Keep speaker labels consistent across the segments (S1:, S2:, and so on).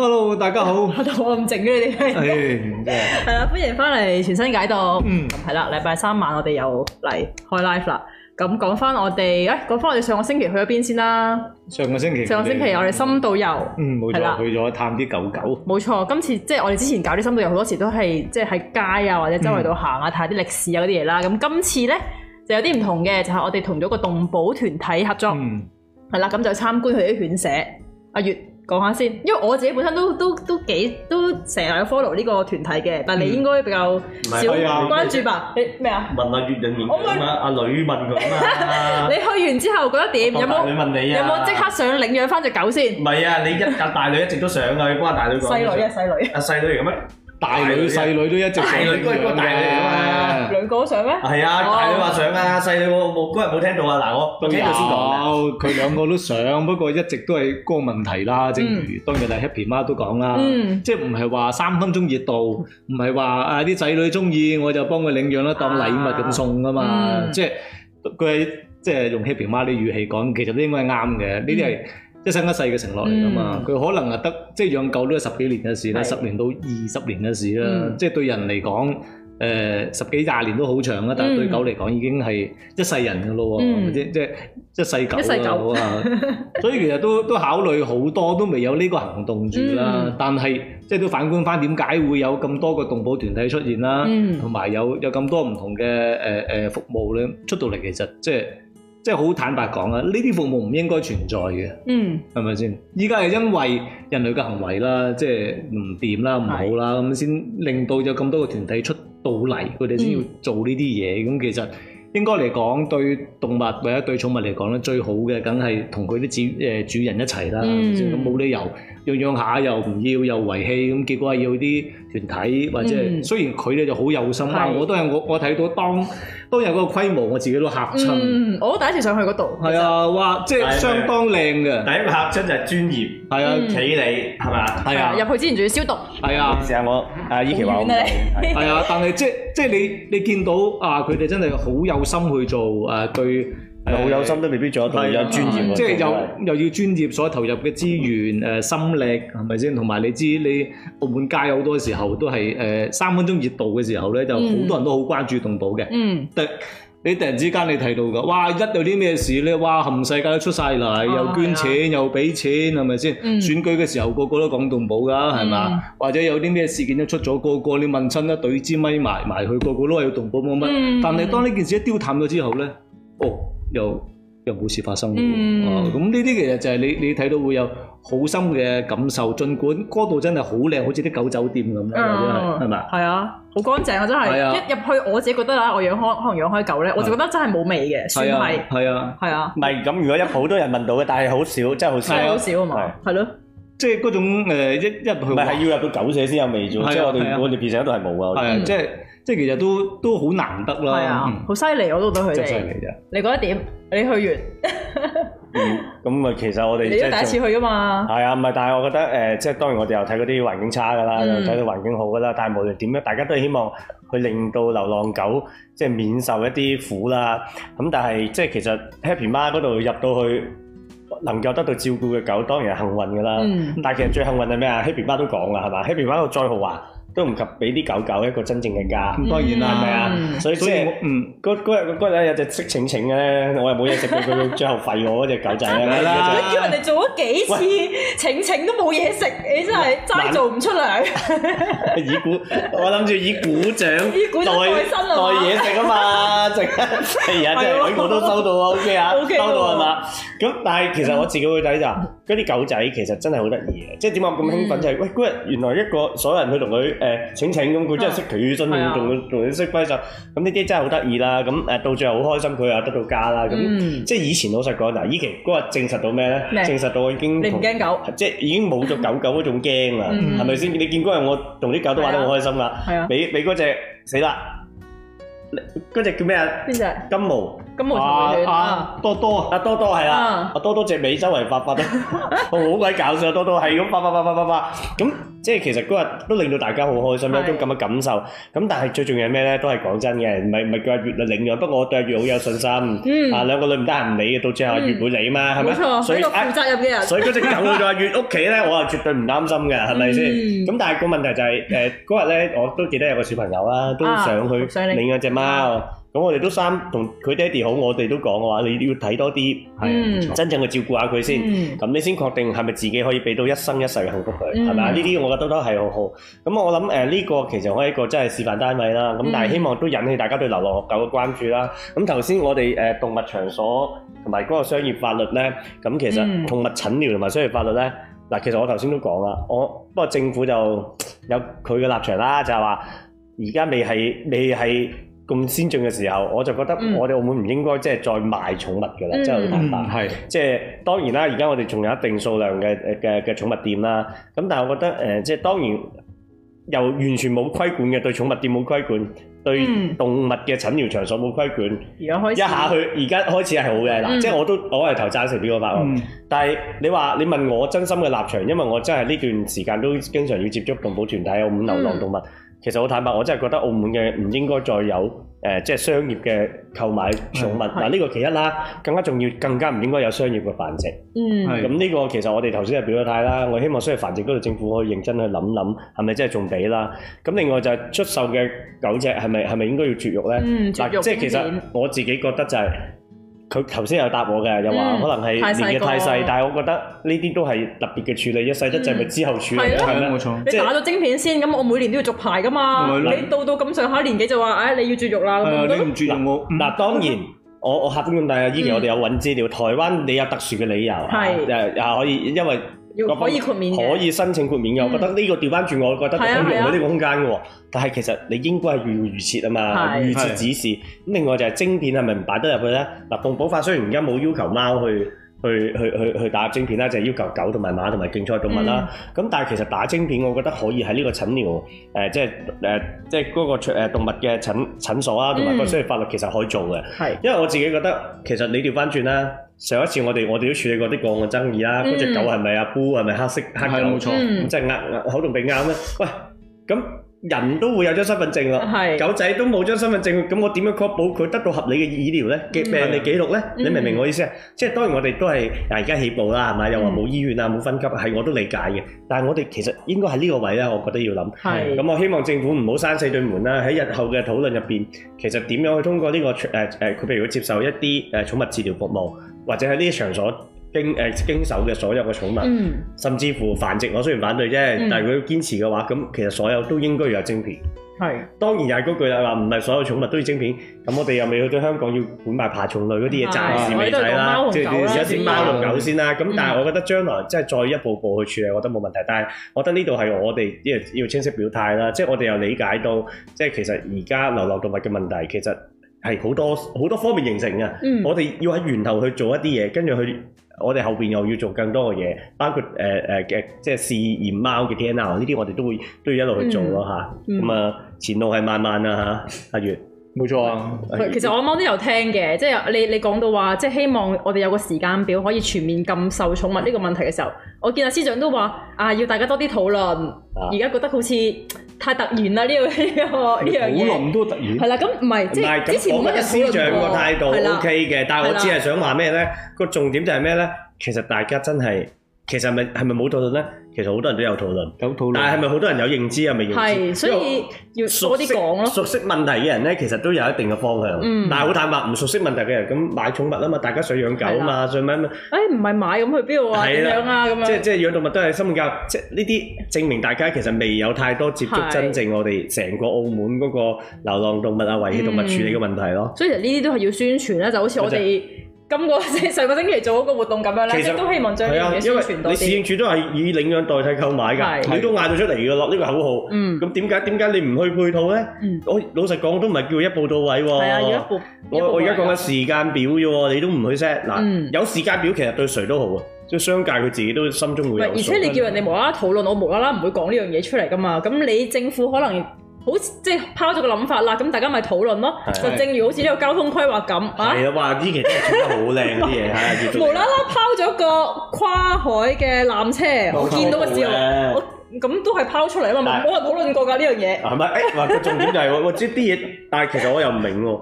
S1: hello，大家好， 我咁靜嘅你哋，係 啊， 歡迎翻嚟傳新解毒，嗯，係啦、嗯，禮拜三晚我哋又嚟開 live 啦，咁講翻我哋，誒、欸，講翻我哋上個星期去咗邊先啦，
S2: 上個星期，上個星期我哋
S1: 深度遊，嗯，冇錯，了去
S2: 咗探啲狗狗，
S1: 冇錯，今次即係、就是、我哋之前搞啲深度遊好多時都係即係喺街啊或者周圍度行啊睇下啲歷史啊嗰啲嘢啦，咁今次咧就有啲唔同嘅，就係、是、我哋同咗個動保團體合作，係啦、嗯，咁就參觀佢啲犬舍，阿月。講下先，因為我自己本身都都都幾都成日有 follow 呢個團體嘅，但你應該比較少關注吧？你咩啊？是
S2: 問阿月人點阿女問佢
S1: 啊 你去完之後覺得點？問啊、有
S2: 冇？你有冇即
S1: 刻想領養返隻狗先？
S2: 唔係啊，你一格大女一直都上嘅，關 大女講。細女啊，細女。阿細、啊、女嚟嘅咩？大女細女都一直
S1: 領養嘅，兩個上咩？係啊，大女話上
S2: 啊，細女冇冇嗰日冇聽到啊！嗱，我今日先講，佢兩個都上，不過一直都係個問題啦。正如當日係 Happy 媽都講啦，即係唔係話三分鐘熱度，唔係話啊啲仔女鍾意我就幫佢領養啦，當禮物咁送啊嘛。即係佢即係用 Happy 媽啲語氣講，其實都應該係啱嘅。呢啲係。即係生一世嘅承諾嚟㗎嘛，佢可能啊得即係養狗都係十幾年嘅事啦，是十年到二十年嘅事啦。即係、嗯、對人嚟講，誒、呃、十幾廿年都好長啦，但係對狗嚟講已經係一世人㗎咯，係咪先？即係一世狗啦。一世狗啊！吧 所以其實都都考慮好多，都未有呢個行動住啦。嗯、但係即係都反觀翻點解會有咁多個動保團體出現啦，嗯、同埋有有咁多唔同嘅誒誒服務咧出到嚟，其實即係。即即即即即即即即係好坦白講啊，呢啲服務唔應該存在嘅，係咪先？依家係因為人類嘅行為啦，即係唔掂啦、唔好啦，咁先令到有咁多個團體出到嚟，佢哋先要做呢啲嘢。咁、嗯、其實應該嚟講，對動物或者對寵物嚟講咧，最好嘅梗係同佢啲主誒主人一齊啦，咁冇、嗯、理由。樣樣下又唔要又遺棄咁，結果係要啲團體或者係雖然佢哋就好有心，但係我都係我我睇到當當日個規模，我自己都嚇親。
S1: 我第一次上去嗰度，
S2: 係啊，哇，即係相當靚嘅。第一個嚇親就係專業，係啊，企你係嘛？係啊，入去
S1: 之前仲要消毒。係啊，
S2: 成日我啊依期話，係啊，但係即係即係你你見到啊，佢哋真係好有心去做誒對。係好有心都未必做得到，有專業，即係又又要專業所投入嘅資源，誒心力係咪先？同埋你知你澳門街好多時候都係誒三分鐘熱度嘅時候咧，就好多人都好關注動保嘅。嗯，突你突然之間你睇到㗎，哇！一有啲咩事咧，哇！冚世界都出晒嚟，又捐錢又俾錢係咪先？嗯，選舉嘅時候個個都講動保㗎，係嘛？或者有啲咩事件都出咗，個個你問親一隊支咪埋埋去，個個都係要動保冇乜。但係當呢件事一丟淡咗之後咧，哦～有有故事發生嘅，咁呢啲其實就係你你睇到會有好深嘅感受。儘管嗰度真係好靚，好似啲狗酒店咁樣，係咪？係
S1: 啊，好乾淨啊，真係一入去我自己覺得啊，我養可可能養開狗咧，我就覺得真係冇味嘅，算係係啊，係
S2: 啊，唔係咁。如果一好多人聞到嘅，但係好少，真係好少，好少啊嘛，係咯，即係嗰種誒一入去唔係要入到狗舍先有味嘅，即係我哋我哋別墅嗰度係冇啊，即係。即係其實都都好難得啦，
S1: 好犀利我都覺得佢哋。你覺得點？你去
S2: 完咁，咪其實我哋第一次去㗎嘛。係啊，唔係，但係我覺得誒，即係當然我哋又睇嗰啲環境差噶啦，又睇到環境好噶啦。但係無論點樣，大家都希望去令到流浪狗即係免受一啲苦啦。咁但係即係其實 Happy 媽嗰度入到去能夠得到照顧嘅狗，當然係幸運噶啦。嗯，但係其實最幸運係咩啊？Happy 媽都講啦，係嘛？Happy 媽嗰度再豪華，都唔及俾啲狗狗一個真正嘅家，當然啦，係咪啊？所以，就是、所以嗯，嗰日日有隻識請請咧，我又冇嘢食俾佢， 最後吠我嗰隻狗仔啦。叫了人哋
S1: 做咗幾次請請喂都冇嘢食，你真係齋喂做唔出糧，
S2: 啊。 以鼓，我諗住以， 以鼓掌代代嘢食啊嘛。係啊，即係我都收到啊，O K 啊，收到係嘛。咁但係其實我自己會睇就，嗰啲狗仔其實真係好得意嘅，即係點解咁興奮就係，喂嗰日原來一個所有人去同佢誒請請咁，佢真係識佢，真同同佢識揮手，咁呢啲真係好得意啦。咁誒到最後好開心，佢又得到家啦。咁即係以前老實講嗱，以前嗰日證實到咩咧？證實到我已經你唔驚狗，即係已經冇咗狗狗嗰種驚啦，係咪先？你見嗰日我同啲狗都玩得好開心啦，俾俾嗰隻死啦。嗰隻叫咩啊？邊隻？金毛。金毛啊，啊多多！多多啊！多多係啦！係啊！多多隻尾周圍發發的，發 好鬼搞笑！多多係咁、啊、發發發發發發即係其實嗰日都令到大家好開心，一種咁嘅感受。咁但係最重要係咩咧？都係講真嘅，唔係唔係叫阿越嚟領養，不過我對阿越好有信心。嗯。啊，兩個女唔得閒唔理嘅，到最後阿越會理嘛，係咪？冇錯。所以，負責任
S1: 嘅人。所以嗰隻狗去
S2: 到阿越屋企咧，我係絕對唔擔心嘅，係咪先？咁但係個問題就係，誒嗰日咧，我都記得有個小朋友啊，都想去領養隻貓。咁我哋都三同佢爹哋好，我哋都講嘅話，你要睇多啲，係的、嗯、真正去照顧下佢先，咁、嗯、你先確定係咪自己可以俾到一生一世嘅幸福佢，係咪啊？呢啲我覺得都係好好。咁我諗誒，呢、呃呢個其實我一個真係示範單位啦。咁但係希望都引起大家對流浪狗嘅關注啦。咁頭先我哋誒、呃、動物場所同埋嗰個商業法律咧，咁其實動物診療同埋商業法律咧，嗱、嗯、其實我頭先都講啦，我不過政府就有佢嘅立場啦，就係話而家未係未係。未咁先進嘅時候，我就覺得我哋澳門唔應該即係再賣寵物嘅啦，嗯、即係好坦白。係即係當然啦，而家我哋仲有一定數量嘅嘅嘅寵物店啦。咁但係我覺得誒、呃，即係當然又完全冇規管嘅，對寵物店冇規管，對動物嘅診療場所冇規管。而家開始一下去，而家開始係好嘅啦。嗯、即係我都我係投贊成呢個法案，嗯、但係你話你問我真心嘅立場，因為我真係呢段時間都經常要接觸動保團體、澳門流浪動物。嗯嗯其實好坦白，我真係覺得澳門嘅唔應該再有誒、呃，即係商業嘅購買寵物。嗱，呢個其一啦，更加重要，更加唔應該有商業嘅繁殖。嗯，咁呢個其實我哋頭先係表咗態啦，我希望商業繁殖嗰度政府可以認真去諗諗，係咪真係仲俾啦？咁另外就係出售嘅狗隻係咪係咪應該要絕育呢？嗱、嗯，即係其實我自己覺得就係、是。佢頭先有答我嘅，又話可能係年紀太細，但係我覺得呢啲都係特別嘅處理，一世一制咪之後處理係咩？你打咗
S1: 晶片先，咁我每年都要續牌㗎嘛。你到到咁上下年紀就話，你要絕育啦？你唔
S2: 絕育。嗱，當然，我我嚇中咁大啊，依然我哋有揾資料。台灣你有特殊嘅理由，係又可以因為。可以豁免，可以申請豁免嘅。嗯、我覺得呢個調翻轉，我覺得係有呢個空間嘅。但係其實你應該係預預設啊嘛，的預設指示。咁的另外就係晶片係咪唔擺得入去咧？嗱，動保法雖然而家冇要求貓去去去去去打晶片啦，就要求狗同埋馬同埋競賽動物啦。咁、嗯、但係其實打晶片，我覺得可以喺呢個診療誒，即係誒，即係嗰個誒動物嘅診診所啦，同埋個相關法律其實可以做嘅。係、嗯，因為我自己覺得其實你調翻轉啦，上一次我哋我哋都處理過啲個案爭議啦，嗰隻、嗯、狗係咪阿 B u 係咪黑色黑狗？係，冇錯，即係咬咬口度俾咬咩？喂，咁。人都會有張身份證咯，是 狗仔都冇張身份證，咁我點樣確保佢得到合理嘅醫療呢？嘅病歷記錄呢？你明唔明我意思啊？嗯、即係當然我哋都係嗱而家起步啦，係咪？又話冇醫院啊，冇分級，係我都理解嘅。但係我哋其實應該喺呢個位咧，我覺得要諗。咁是 我希望政府唔好閂死對門啦。喺日後嘅討論入邊，其實點樣去通過呢、呢個誒誒，佢譬如佢接受一啲誒寵物治療服務，或者喺呢啲場所。經誒經手嘅所有嘅寵物，甚至乎繁殖，我雖然反對啫，但係佢要堅持嘅話，咁其實所有都應該要有晶片。係當然又係嗰句啦，話唔係所有寵物都要晶片。咁我哋又未去到香港要管埋爬蟲類嗰啲嘢，暫時未睇啦。即係先貓同狗先啦。咁但係我覺得將來即係再一步步去處理，我覺得冇問題。但係我覺得呢度係我哋要要清晰表態啦。即係我哋又理解到，即係其實而家流浪動物嘅問題，其實係好多好多方面形成嘅。我哋要喺源頭去做一啲嘢，跟住去。我哋後面又要做更多嘅嘢，包括誒誒嘅即係試驗貓嘅 DNA 呢啲，我哋都會都要一路去做咯嚇。咁、嗯、啊，嗯、前路係漫漫啦嚇，阿、啊、月。冇錯啊！其實我
S1: 啱啱都有聽嘅，即係你你講到話，即係希望我哋有個時間表可以全面禁售寵物呢個問題嘅時候，我見阿司長都話啊，要大家多啲討論。而家覺得好似太突然啦，呢樣呢個呢樣好耐咁
S2: 突然。係啦，咁
S1: 唔係即係之前司長個態度 O K 嘅，了但係我只係想話
S2: 咩咧？個重點就係咩咧？其實大家真係，其實係咪係咪冇做到咧？是其實好多人都有討論，有討論，但係咪好多人有認知啊？咪係，所以要多啲講咯。熟悉問題嘅人咧，其實都有一定嘅方向。嗯，但係好坦白，唔熟悉問題嘅人，咁買寵物啊嘛，大家想養狗啊嘛，的想咩乜。
S1: 哎、欸，唔係買咁去邊度啊？點的樣啊？咁樣。即係即
S2: 係養動物都係新聞教育，即係呢啲證明大家其實未有太多接觸真正我哋成個澳門嗰個流浪動物啊、遺棄動物處理嘅問題咯。嗯、
S1: 所以呢啲都係要宣傳咧，就好似我哋。咁個上個星期做嗰個活動咁樣咧，都希望將呢樣嘢宣傳多啊，因為你市
S2: 政處都係以領養代替購買㗎，你都嗌到出嚟㗎咯，呢個口號。嗯。咁點解點解你唔去配套咧？嗯。我老實講，我都唔係叫一步到位喎。啊，一步。我我而家講嘅時間表啫喎，你都唔去 set 嗱。有時間表其實對誰都好啊，即係商界佢自己都心中會。唔而且你叫人
S1: 哋無啦啦討論，我無啦啦唔會講呢樣嘢出嚟㗎嘛。咁你政府可能？好即係拋咗個諗法啦，咁大家咪討論咯。就正如好似呢個交通規劃咁，啊係咯，
S2: 話呢啲其實做得好靚啲嘢，係無
S1: 啦啦拋咗個跨海嘅纜車，我見到嘅時候，我咁都係拋出嚟啊嘛，冇人討論過噶呢樣嘢。
S2: 係咪？誒，話個重點就係我知啲嘢，但係其實我又唔明喎。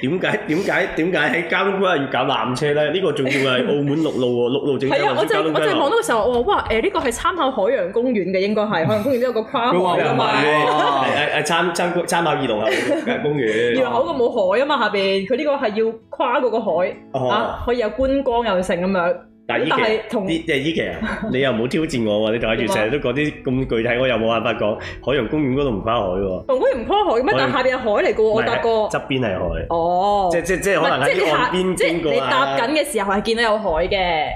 S2: 點解點解點解喺交通規劃要搞纜車咧？呢、呢個仲要係澳門陸路喎，陸 路整咗係啊，我就我就望到
S1: 嘅時候，哇哇誒！呢、呃呢個係參考海洋公園嘅，應該係海洋公園都有個跨海啊嘛。誒誒
S2: 參參參參考二龍喉公園。二龍喉
S1: 個冇海啊嘛，下邊佢呢個係要跨嗰個海 啊，可以有觀光又成咁樣。但係同
S2: 即係依期啊！你又唔好挑戰我喎，你睇住成日都講啲咁具體，我又冇辦法講海洋公園嗰度唔跨海喎。
S1: 同佢唔跨海咩？但係下邊係海嚟噶喎，我搭過。
S2: 側邊係海。哦。即即即可能喺嗰個。即係你搭緊
S1: 嘅時候係見到有海嘅。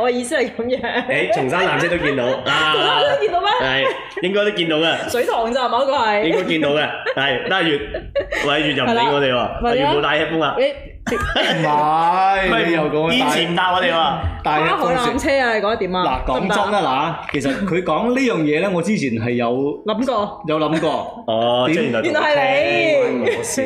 S1: 我意思係咁樣。誒，松山藍色
S2: 都見到。都
S1: 見到咩？係
S2: 應該都見到嘅。
S1: 水塘就某個係。應該見
S2: 到嘅。係，但係月睇月就唔理我哋喎。月冇帶風啊。唔係，你又講，以前搭我哋話，搭好纜車
S1: 啊，你覺得點啊？嗱，講真啦，嗱，
S2: 其實佢講呢樣嘢咧，我之前係有諗過，有諗過。哦，即係原來係你，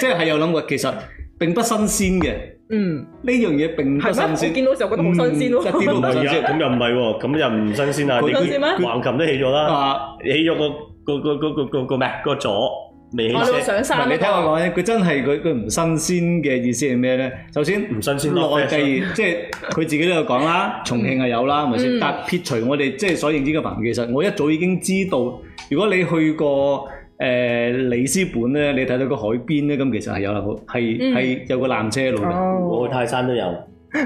S2: 即係有諗過，其實並不新鮮嘅。嗯，呢樣嘢並不新鮮。見
S1: 到時候覺得好新鮮，不新鮮咁
S2: 又唔係喎，咁又唔新鮮啊？你佢橫琴都起咗啦，起咗個個個個個個咩個座？未哦啊、我都想曬，唔係你聽我講咧，佢真係佢佢唔新鮮嘅意思係咩咧？首先唔新鮮咯，第二即係佢自己都有講啦，重慶係有啦，係咪先？嗯、但撇除我哋即係所認知嘅朋友，其實我一早已經知道，如果你去過誒、呃、里斯本咧，你睇到個海邊咧，咁其實係有個係係有個纜車路嘅。嗯哦、我去泰山都有。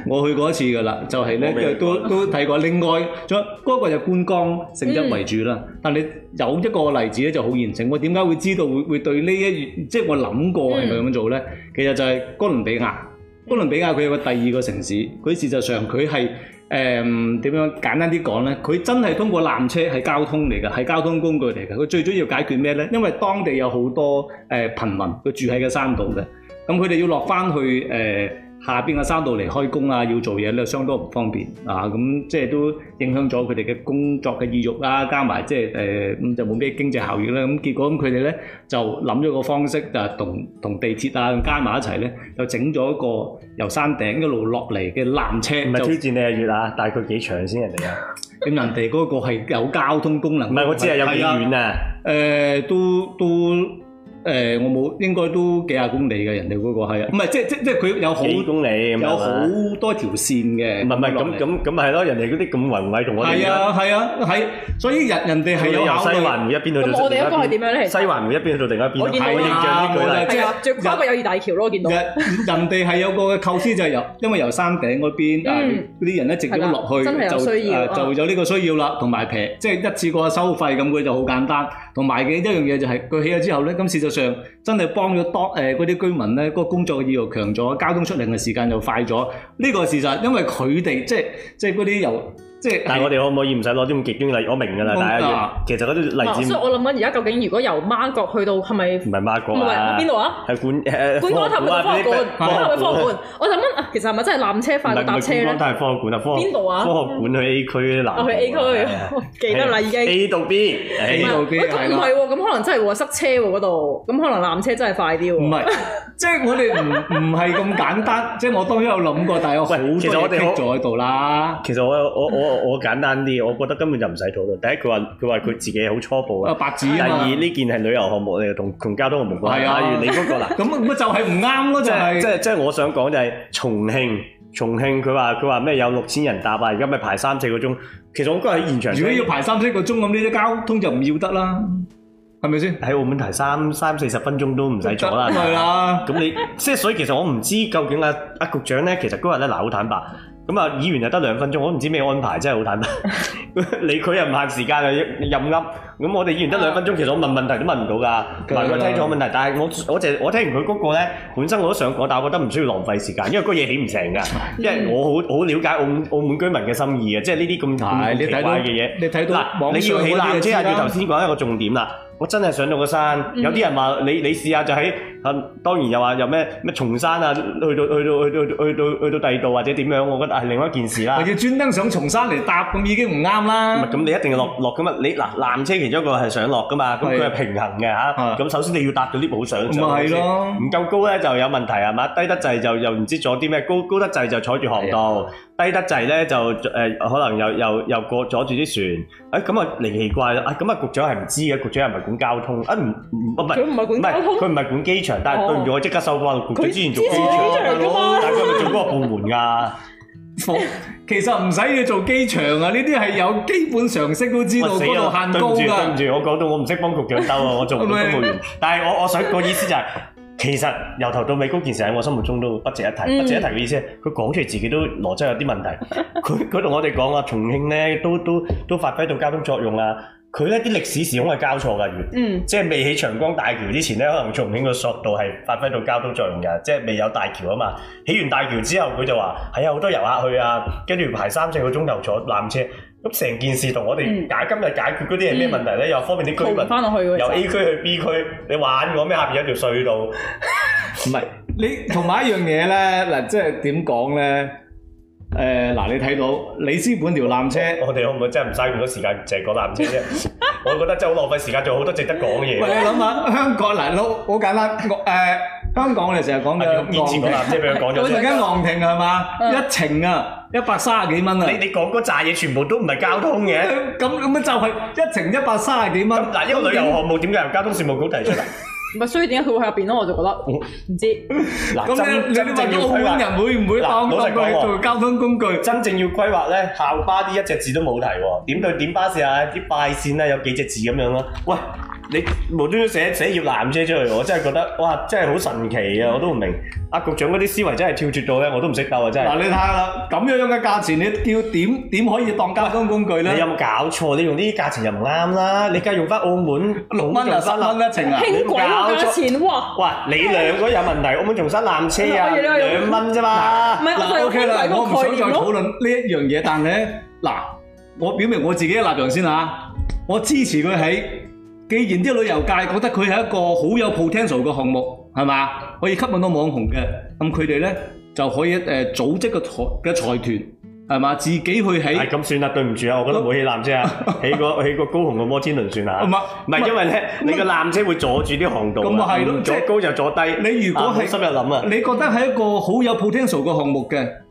S2: 我去過一次噶啦，就係、是、咧，都都睇過。另外，仲有嗰、那個就觀光性質為主啦。嗯、但你有一個例子咧，就好完整。我點解會知道會會對呢一月，即係我諗過係咪咁做咧？嗯、其實就係哥倫比亞，哥倫比亞佢有個第二個城市，佢事實上佢係誒點樣簡單啲講咧？佢真係通過纜車係交通嚟噶，係交通工具嚟噶。佢最主要解決咩咧？因為當地有好多誒貧、呃、民，民，佢住喺個山度嘅，咁佢哋要落翻去誒。呃下邊嘅山道嚟開工啊，要做嘢咧，相當唔方便啊！咁、嗯、即係都影響咗佢哋嘅工作嘅意欲啦，加埋即係誒咁就冇咩經濟效益啦。咁、嗯、結果咁佢哋咧就諗咗個方式，就係同同地鐵啊加埋一齊咧，就整咗一個由山頂一路落嚟嘅纜車。唔係推薦你啊月啊，大概幾長先人哋啊？咁 人哋嗰個係有交通功能。唔係我知啊，是是有幾遠啊？誒都、呃、都。都都都都誒，我冇，應該都幾廿公里嘅，人哋嗰個係，唔係即係即係即係佢有幾公里，有好多條線嘅。唔係唔係，咁咁咁咪係咯，人哋嗰啲咁環衞同我係啊係啊，喺所以人人哋係有西灣湖一邊去到，咁我哋應該係點樣咧？其實西灣湖一邊去到另外一邊，我見到啊，即係跨
S1: 過友誼大橋咯，我見到。人
S2: 人哋係有個構思就係由，因為由山頂嗰邊，嗯，嗰啲人直接落去就就有呢個需要啦，同埋平，即係一次過收費咁佢就好簡單，同埋嘅一樣嘢就係佢起咗之後咧，今次就。真係幫咗當誒嗰啲居民咧，個工作嘅意欲強咗，交通出嚟嘅時間又快咗。呢、這個事實，因為佢哋即係即係嗰啲由。但係我哋可唔可以唔使攞啲咁極端嘅例？我明㗎啦，但係其實嗰啲例子。所以，我
S1: 諗緊而家究竟如果由孖角去到係咪？唔
S2: 係孖角唔係啊！邊度啊？係觀誒，觀光塔，係咪科學館？係咪科學館？
S1: 我諗緊啊，其實係咪真係纜車快過搭車咧？唔係，但係科
S2: 學館邊度啊？科學館去 A 區嗰啲。去 A 區，
S1: 記得啦已經。A 到 B，A 到 B 係唔係喎，咁可能真係塞車喎嗰度，咁可能纜車真係快啲喎。
S2: 唔係，即係我哋唔唔係咁簡單。即係我當然有諗過，但係我好多我哋咗喺度啦。其實我我我。我我簡單啲，我覺得根本就唔使討論。第一，佢話佢話佢自己好初步；白紙第二，呢件係旅遊項目你同同交通項目關係啊。例 如你嗰個嗱，咁咁 就係唔啱咯，就係、係。即即係我想講就係重慶，重慶佢話佢話咩有六千人搭啊，而家咪排三四個鐘。其實我嗰日喺現場，如果要排三四個鐘咁，呢啲交通就唔要得啦，係咪先？喺澳門排三三四十分鐘都唔使坐啦。咁啊，咁你即係所以，其實我唔知究竟阿阿局長咧，其實嗰日咧，嗱，好坦白。咁啊，議員就得兩分鐘，我都唔知咩安排，真係好坦白。 你佢又唔限時間啊，任噏。咁我哋議員得兩分鐘，其實我問問題都問唔到㗎。唔係佢聽錯問題，但係我我淨我聽完佢嗰個咧，本身我都想講，但係我覺得唔需要浪費時間，因為嗰嘢起唔成㗎。嗯、因為我好好瞭解澳門澳門居民嘅心意啊，即係呢啲咁奇怪嘅嘢、嗯。你睇到嗱，你要起樓，即係你頭先講一個重點啦。我真係上到個山，有啲人話你你，你試，試下就喺、是……」啊，當然又話又咩咩松山啊，去到去到去到去到去到第二度或者點樣，我覺得係另外一件事啦。係要專登上松山嚟搭咁已經唔啱啦。唔係咁，你一定要落落噶嘛？你嗱纜車其中一個係上落噶嘛？咁佢係平衡嘅嚇。咁首先你要搭到 lift 好上，咁咪係咯。唔夠高咧就有問題係嘛？低得滯就又唔知咗啲咩？高高得滯就坐住航道，低得滯咧就誒可能又又又過咗住啲船。誒咁啊，嚟奇怪啦！誒咁啊，局長係唔知嘅，局長係唔係管交通？啊唔唔，唔係唔係，佢唔係管交通，佢唔係管機場。但係對唔住，哦、我即刻收翻。佢之前做機場，大佬，但佢咪做嗰個部門㗎？其實唔使你做機場啊！呢啲係有基本常識都知道我死。嗰度限高，對唔住，對唔住，我講到我唔識幫局長兜啊！我做唔到公務員。 但係我我想、嗰個意思就係、是，其實由頭到尾嗰件事喺我心目中都不值一提，嗯、不值一提嘅意思。佢講出嚟自己都邏輯有啲問題。佢佢同我哋講啊，重慶咧都都都，都發揮到交通作用啦。佢呢啲歷史時空係交錯㗎，原來，嗯、即係未起長江大橋之前呢，可能重慶個索道係發揮到交通作用嘅，即係未有大橋啊嘛。起完大橋之後，佢就話，係、哎、啊，好多遊客去啊，跟住排三四個鐘頭坐纜車。咁成件事同我哋解今日解決嗰啲係咩問題呢？嗯嗯、又方便啲居民，翻落去由 A 區去 B 區，你玩過咩？下邊有條隧道。唔係， 你同埋一樣嘢呢，嗱，即係點講呢？誒嗱、呃，你睇到里斯本條纜車，我哋可唔可以真係唔嘥咁多時間淨係講纜車啫？ 我覺得真係好浪費時間，仲有好多值得講嘅嘢。唔你諗下香港嗱，好簡單，誒、呃、香港我哋成日講嘅昂坪纜車俾佢講咗。 我哋而家昂坪係嘛一程啊一百三十幾蚊啊！你你講嗰扎嘢全部都唔係交通嘅，咁咁咪就係一程一百三十幾蚊。嗱，呢個旅遊項目點解由交通事務局提出嚟？
S1: 唔係，所以點解佢會喺入邊咯？我就覺得唔、嗯嗯、知。嗱真，咁咧你，你問啲
S2: 澳門人會唔會當佢係做交通工具？真正要規劃咧，校巴啲一隻字都冇提喎。點對點巴士啊？啲快線啊，有幾隻字咁樣咯？喂！你無端端寫寫要纜車出去，我真係覺得哇，真係好神奇啊！我都唔明，阿局長嗰啲思維真係跳轉咗咧，我都唔識鬥啊！真係。嗱，你睇啦，咁樣樣嘅價錢，你要點點可以當交通工具咧？你有冇搞錯？你用啲價錢又唔啱啦！你而家用翻澳門六蚊又三蚊一程輕軌價錢哇！哇！你兩個有問題，澳門仲新纜車啊？兩蚊啫嘛。唔係，我對未來個概念。嗱，OK 啦，我唔想再討論呢一樣嘢，但咧嗱，我表明我自己嘅立場先嚇，我支持佢喺。既然啲旅遊界覺得佢係一個好有 potential 嘅項目，係嘛？可以吸引到網紅嘅，咁佢哋呢就可以誒組織個財團，係嘛？自己去起。係咁、哎、算啦，對唔住啊，嗰個、我覺得唔好起纜車， 起起個高雄嘅摩天輪算啦。唔係，因為呢，麼你個纜車會阻住啲航道啊，唔、就係、阻高就阻低。你如果係心入諗啊，你覺得係一個好有 potential 嘅項目嘅。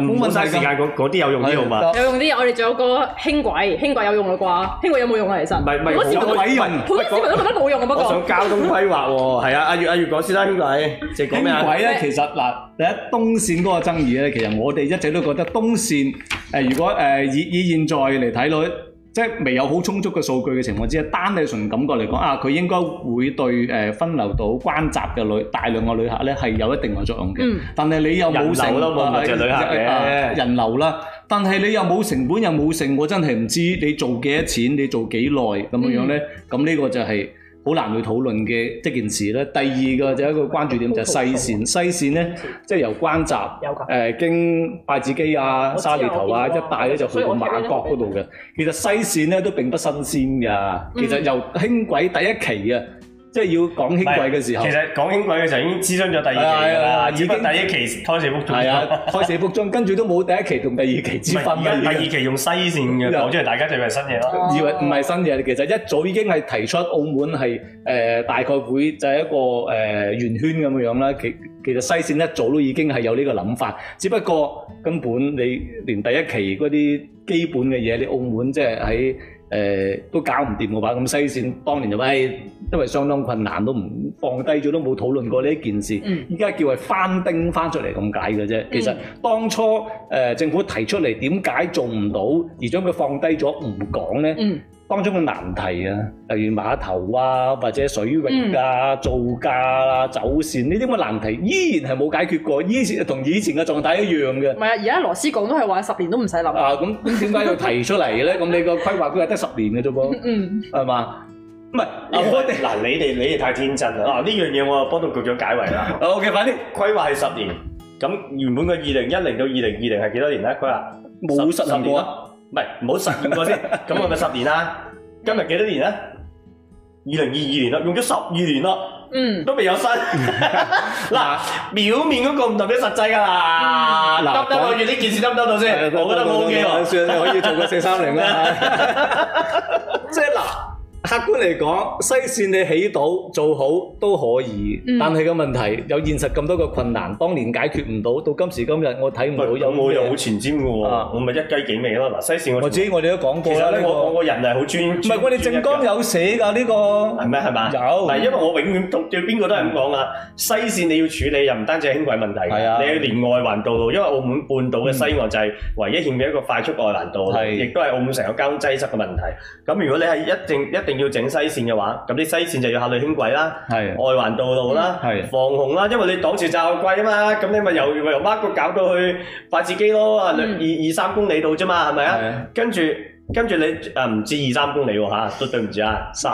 S2: 唔好問大世界，嗰嗰啲有用啲好嘛。
S1: 有用啲啊！我哋仲有個輕軌，輕軌有用啦啩？輕軌有冇用啊？其實好多市民都覺得冇用啊！不過交通規
S2: 劃喎，係啊！阿月阿月講先啦，兄弟，即係講咩啊？輕軌咧，其實嗱，第一東線嗰個爭議咧，其實我哋一直都覺得東線誒，如果誒以以現在嚟睇落。即係未有好充足嘅數據嘅情況之下，單係純感覺嚟講，啊佢應該會對分流到關閘嘅旅大量嘅旅客咧係有一定嘅作用嘅。嗯。但係你又冇成沒有啊，人流啦，但係你又冇成本又冇成，我真係唔知道你做幾多少錢，你做幾耐咁樣呢，咁呢、嗯、個就係、是。好難去討論嘅一件事。第二個就是一個關注點就西線，嗯、西線呢，嗯、即係由關閘誒的、呃、經太子機啊、筷子基、沙梨頭啊，一帶咧就去到媽閣嗰度嘅。其實西線咧都並不新鮮㗎，嗯、其實由輕軌第一期啊。即係要講輕軌嘅時候，其實講輕軌嘅時候已經諮詢咗第二期啦。已經、啊啊啊、第一期開始覆宗，係經啊，開始覆宗，服 跟住都冇第一期同第二期之分。第二期用西線嘅，我知、啊、大家就係新嘢咯。啊、以為唔係新嘢，其實一早已經係提出澳門係誒、呃、大概會就係一個誒、呃、圓圈咁樣啦。其其實西線一早都已經係有呢個諗法，只不過根本你連第一期嗰啲基本嘅嘢，你澳門即係喺誒都搞唔掂嘅話。咁西線當年就誒。哎因為相當困難，都唔放低咗，都冇討論過呢一件事。依家叫係翻叮翻出嚟咁解嘅啫。其實當初誒政府提出嚟，點解做唔到而將佢放低咗唔講咧？當中嘅難題啊，例如碼頭啊，或者水域啊、造價啊、走線呢啲咁嘅難題，依然係冇解決過，依同以前嘅狀態一樣嘅。
S1: 唔係啊，而家羅斯講都係話十年都唔使諗
S2: 啊。咁點解要提出嚟咧？咁你個規劃都係得十年嘅啫噃，係嘛？唔係啊！我哋嗱，你哋你哋太天真啦！嗱，呢樣嘢我幫到局長解圍啦。OK，反正規劃係十年，咁原本嘅二零一零到二零二零係幾多年咧？規劃冇十年，唔係冇十年過先。咁係咪十年啊？今日幾多年啊？二零二二年咯，用咗十二年咯，嗯，都未有新嗱。表面嗰個唔代表實際㗎啦。得唔得我預呢件事得唔得到先？我覺得 OK 啊。算啦，可以做個四三零啦。即係嗱。客觀嚟講，西線你起到做好都可以，但係個問題有現實咁多個困難，當年解決唔到，到今時今日我睇唔到有。咁我又好前瞻嘅喎，我咪一雞幾味咯。嗱，西線我我知我哋都講過。其實咧，我我個人係好專。唔係，我哋政綱有寫噶呢個係咪係嘛？有。嗱，因為我永遠對邊個都係咁講噶，西線你要處理又唔單止係輕軌問題，係啊，你要連外環道路，因為澳門半島嘅西岸就係唯一欠嘅一個快速外環道，係，亦都係澳門成個交通擠塞嘅問題。咁如果你係一定一定要整西線嘅話，咁啲西線就要考慮輕軌啦，的外環道路啦，嗯、防洪啦，因為你擋住就貴啊嘛，咁你咪由咪又媽閣搞到去筷子基咯，兩二二三公里度啫嘛，係咪的啊？跟住跟住你誒唔止二三公里喎嚇，都對唔住啊，三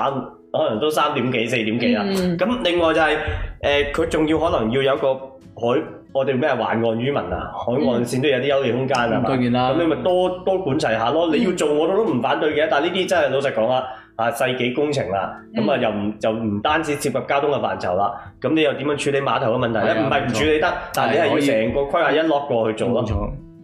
S2: 可能都三點幾四點幾啦。咁、嗯、另外就係、是、誒，佢、呃、仲要可能要有一個海，我哋咩環岸漁民啊，海岸線都有啲優越空間啊嘛。咁你咪多多，多管齊下咯。你要做我都都唔反對嘅，但係呢啲真係老實講啦。啊，世紀工程啦，咁啊又唔就唔單止涉及交通嘅範疇啦，咁你又點樣處理碼頭嘅問題咧？唔係唔處理得，但係你係要成個規劃一落過去做咯。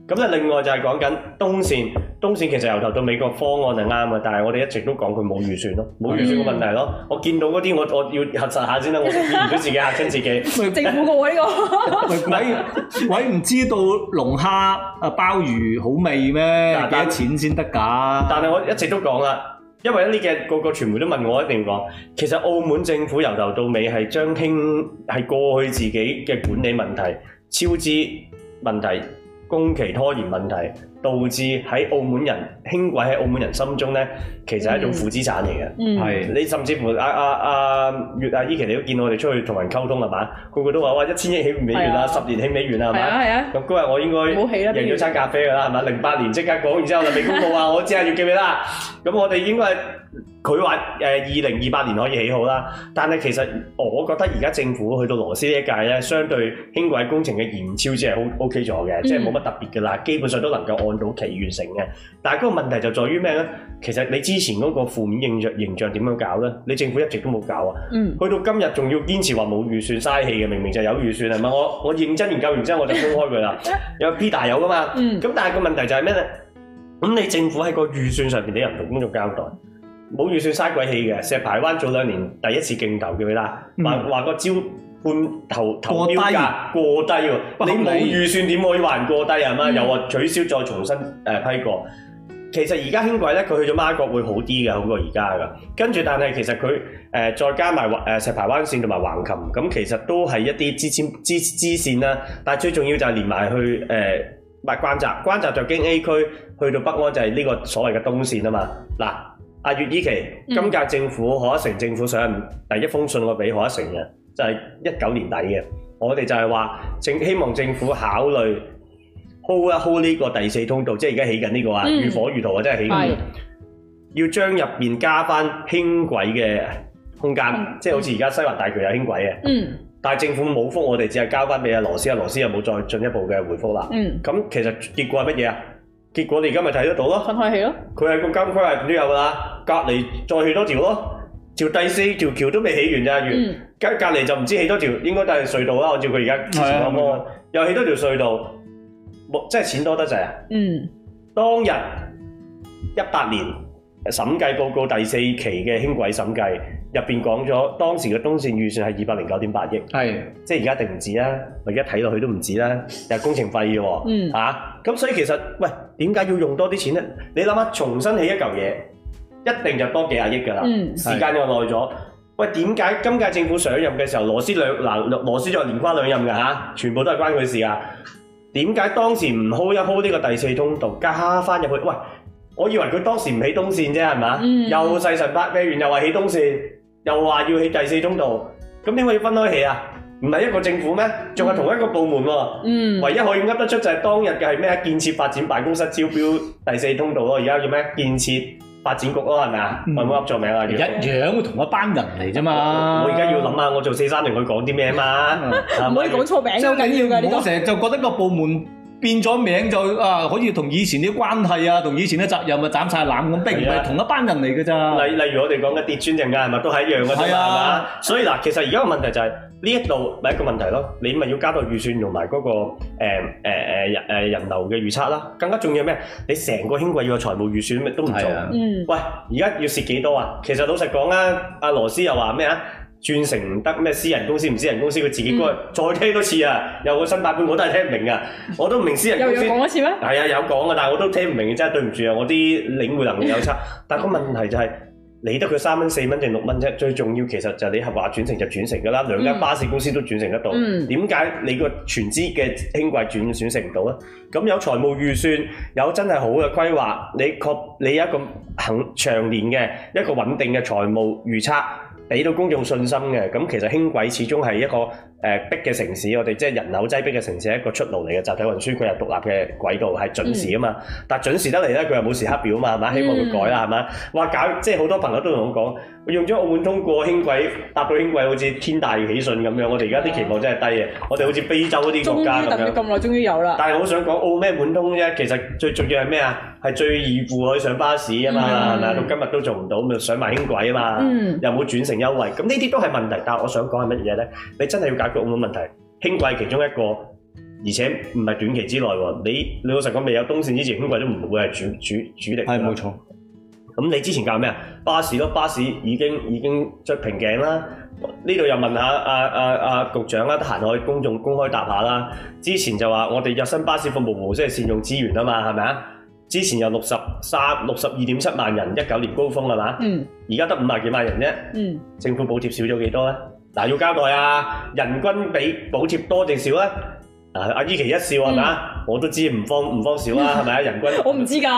S2: 咁咧，另外就係講緊東線，東線其實由頭到尾個方案係啱嘅，但係我哋一直都講佢冇預算咯，冇預算嘅問題咯。我見到嗰啲我我要核實下先啦，我唔好自己嚇親自己。
S1: 政府嘅位呢個，
S2: 唔係鬼唔知道龍蝦啊鮑魚好味咩？幾多錢先得㗎？但係我一直都講啦。因為呢啲個個傳媒都問我，我一定講，其實澳門政府由頭到尾係將傾係過去自己嘅管理問題、超支問題、工期拖延問題。導致喺澳門人輕軌喺澳門人心中呢，其實係一種負資產嚟嘅。係、嗯嗯、你甚至乎阿阿阿粵阿依琪，你都見到我哋出去同人溝通啦，係嘛？個個都話哇，一千億起美元啦、啊，啊、十年起美元啦，係啊係啊。陸哥話我應該贏咗餐咖啡㗎啦，係咪？零八年即刻講，然之後就 未公布話我知係要幾多？咁我哋應該佢話誒二零二八年可以起好啦。但係其實我覺得而家政府去到羅斯呢一屆呢，相對輕軌工程嘅延超只係 O K 咗嘅，即係冇乜特別㗎啦，嗯、基本上都能夠。看到完成嘅，但係嗰個問題就在於咩呢？其實你之前嗰個負面形象，形象點樣搞呢？你政府一直都冇搞啊，去、嗯、到今日仲要堅持話冇預算嘥氣嘅，明明就有預算啊！係咪我我認真研究完之後，我就公開佢啦， 有 P 大有噶嘛？咁、嗯、但係個問題就係咩呢？咁你政府喺個預算上面，你又唔同公眾交代，冇預算嘥鬼氣嘅，石排灣早兩年第一次競投叫佢啦，話話個招。半投投標價過低喎，低你冇預算點可以還過低啊嘛？嗯、又話取消再重新誒批過。呃呃呃、其實而家輕軌咧，佢去咗孖國媽閣會好啲嘅，好過而家噶。跟住但係其實佢誒、呃、再加埋誒石排灣線同埋橫琴，咁其實都係一啲支支支線啦。但係最重要就係連埋去誒八、呃、關閘，關閘就經 A 區去到北安，就係呢個所謂嘅東線啊嘛。嗱，阿、啊、月依期今格今屆政府賀一誠政府上第一封信我俾賀一誠嘅。就係一九年底嘅，我哋就係話政希望政府考慮 hold 一 hold 呢個第四通道，即係而家起緊呢個啊，如火如荼啊，真係起緊，要將入邊加翻輕軌嘅空間，即係好似而家西環大橋有輕軌嘅。嗯，但係政府冇復，我哋只係交翻俾阿羅斯，阿羅斯又冇再進一步嘅回覆啦。嗯，咁其實結果係乜嘢啊？結果你而家咪睇得到咯，分開起咯。佢喺個監區入邊都有㗎啦，隔離再去多條咯。條第四條橋都未起完咋，隔隔籬就唔知起多條，應該都係隧道啦。我照佢而家之前講過，又起多條隧道，即係錢多得滯啊。嗯，當日一八年審計報告第四期嘅輕軌審計入邊講咗，當時嘅東線預算係二百零九點八億，係的即係而家定唔止啦，我而家睇落去都唔止啦，又 工程費嘅喎，嗯啊，咁所以其實喂，點解要用多啲錢咧？你諗下，重新起一嚿嘢。一定就多幾廿億㗎啦，嗯、時間又耐咗。的喂，點解今屆政府上任嘅時候，羅斯兩嗱羅斯再連翻兩任㗎，全部都係關佢事㗎。點解當時唔 hold 一 hold 呢個第四通道加翻入去？喂，我以為佢當時唔起東線啫，係嘛？嗯、又細神發咩元又話起東線，又話要起第四通道，咁點可以分開起啊？唔係一個政府咩？仲係同一個部門喎、啊。嗯、唯一可以噏得出就係當日嘅係咩建設發展辦公室招標第四通道咯，而家叫咩建設？發展局咯，係咪啊？唔係冇噏錯名啊，一樣會同一班人嚟啫嘛。我而家要諗下，我做四三零佢講啲咩啊嘛。唔可以講錯名，最緊 要㗎呢個。成日就覺得個部門變咗名就啊，可以同以前啲關係啊，同以前啲責任咪斬曬纜咁，並唔係同一班人嚟㗎咋。例、啊、例如我哋講嘅跌磚定壓，係咪都係一樣㗎嘛、啊？所以嗱，其實而家個問題就係、是。呢一度咪一個問題咯，你咪要加多預算同埋嗰個、呃呃呃、人流嘅預測啦。更加重要咩？你成個輕軌要嘅財務預算都唔做。嗯的，喂，而家要蝕幾多啊？其實老實講啊，阿羅斯又話咩啊？轉成唔得咩？私人公司唔私人公司，佢自己再、嗯、再聽多次啊，又個新版本我都係聽唔明噶，我都唔明私人公司。又 要講一次咩？係啊，有講啊，但我都聽唔明，真係對唔住啊！我啲領會能力有差。 但係個問題就係、是。理得佢三蚊四蚊定六蚊啫，最重要其實就係你係話轉乘就轉乘嘅啦，兩間巴士公司都轉乘得到。點解、嗯、你個全資嘅輕軌轉轉乘唔到呢？咁有財務預算，有真係好嘅規劃，你確你有一個恆長年嘅一個穩定嘅財務預測，俾到公眾信心嘅，咁其實輕軌始終係一個。誒逼嘅城市，我哋即係人口擠逼嘅城市，一個出路嚟嘅集體運輸，佢有獨立嘅軌道，係準時啊嘛。嗯、但係準時得嚟咧，佢又冇時刻表啊嘛，係嘛？希望佢改啦，係嘛、嗯？話搞即係好多朋友都同我講，用咗澳門通過輕軌搭到輕軌，好似天大喜訊咁樣。我哋而家啲期望真係低嘅，嗯、我哋好似非洲嗰啲國家咁。等咗
S1: 咁耐，終於有啦。但係我
S2: 想講澳咩？滿、哦、通啫，其實最重要係咩啊？係最，最易付去上巴士啊嘛，係咪、嗯？到今日都做唔到，咪上埋輕軌啊嘛，又冇轉乘優惠，咁呢啲都係問題。但係我想講係乜嘢咧？你真係要搞。冇問題，輕軌其中一個，而且唔係短期之內喎。你你老實講，未有東線之前，輕軌都唔會係主主主力。係冇錯。咁你之前教咩啊？巴士咯，巴士已經已經出瓶頸啦。呢度又問下阿阿阿局長啦，得閒可以公眾公開答下啦。之前就話我哋入新巴士服務模式係善用資源啊嘛，係咪啊？之前有六十三六十二點七萬人，一九年高峰係嘛？嗯。而家得五十幾萬人啫。嗯。政府補貼少咗幾多咧？嗱，要交代啊，人均俾補貼多定少呢？啊，阿姨其一笑啊，係咪、嗯、我都知唔方唔方少啦，係咪、啊、人均 我唔
S1: 知㗎，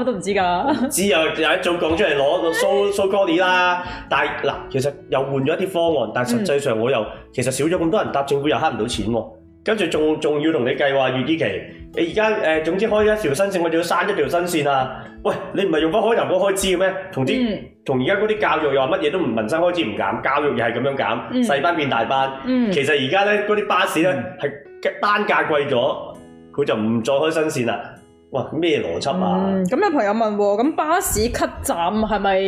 S1: 乜都唔知㗎、啊。
S2: 知又又一種講出嚟攞，就收收嗰啲啦。但嗱，其實又換咗一啲方案，但實際上我又、嗯、其實少咗咁多人，搭政府又慳唔到錢喎、啊。跟住仲仲要同你計劃預支期，你而家誒，總之開一條新線，我就要刪一條新線啊！喂，你唔係用翻開頭嗰個開支嘅咩？同啲、嗯、同而家嗰啲教育又話乜嘢都唔民生開支唔減，教育又係咁樣減，細、嗯、班變大班。嗯、其實而家咧，嗰啲巴士咧係單價貴咗，佢就唔再開新線啦。哇，咩邏輯啊？
S1: 咁、嗯、有朋友問喎、哦，咁巴士 cut 站係咪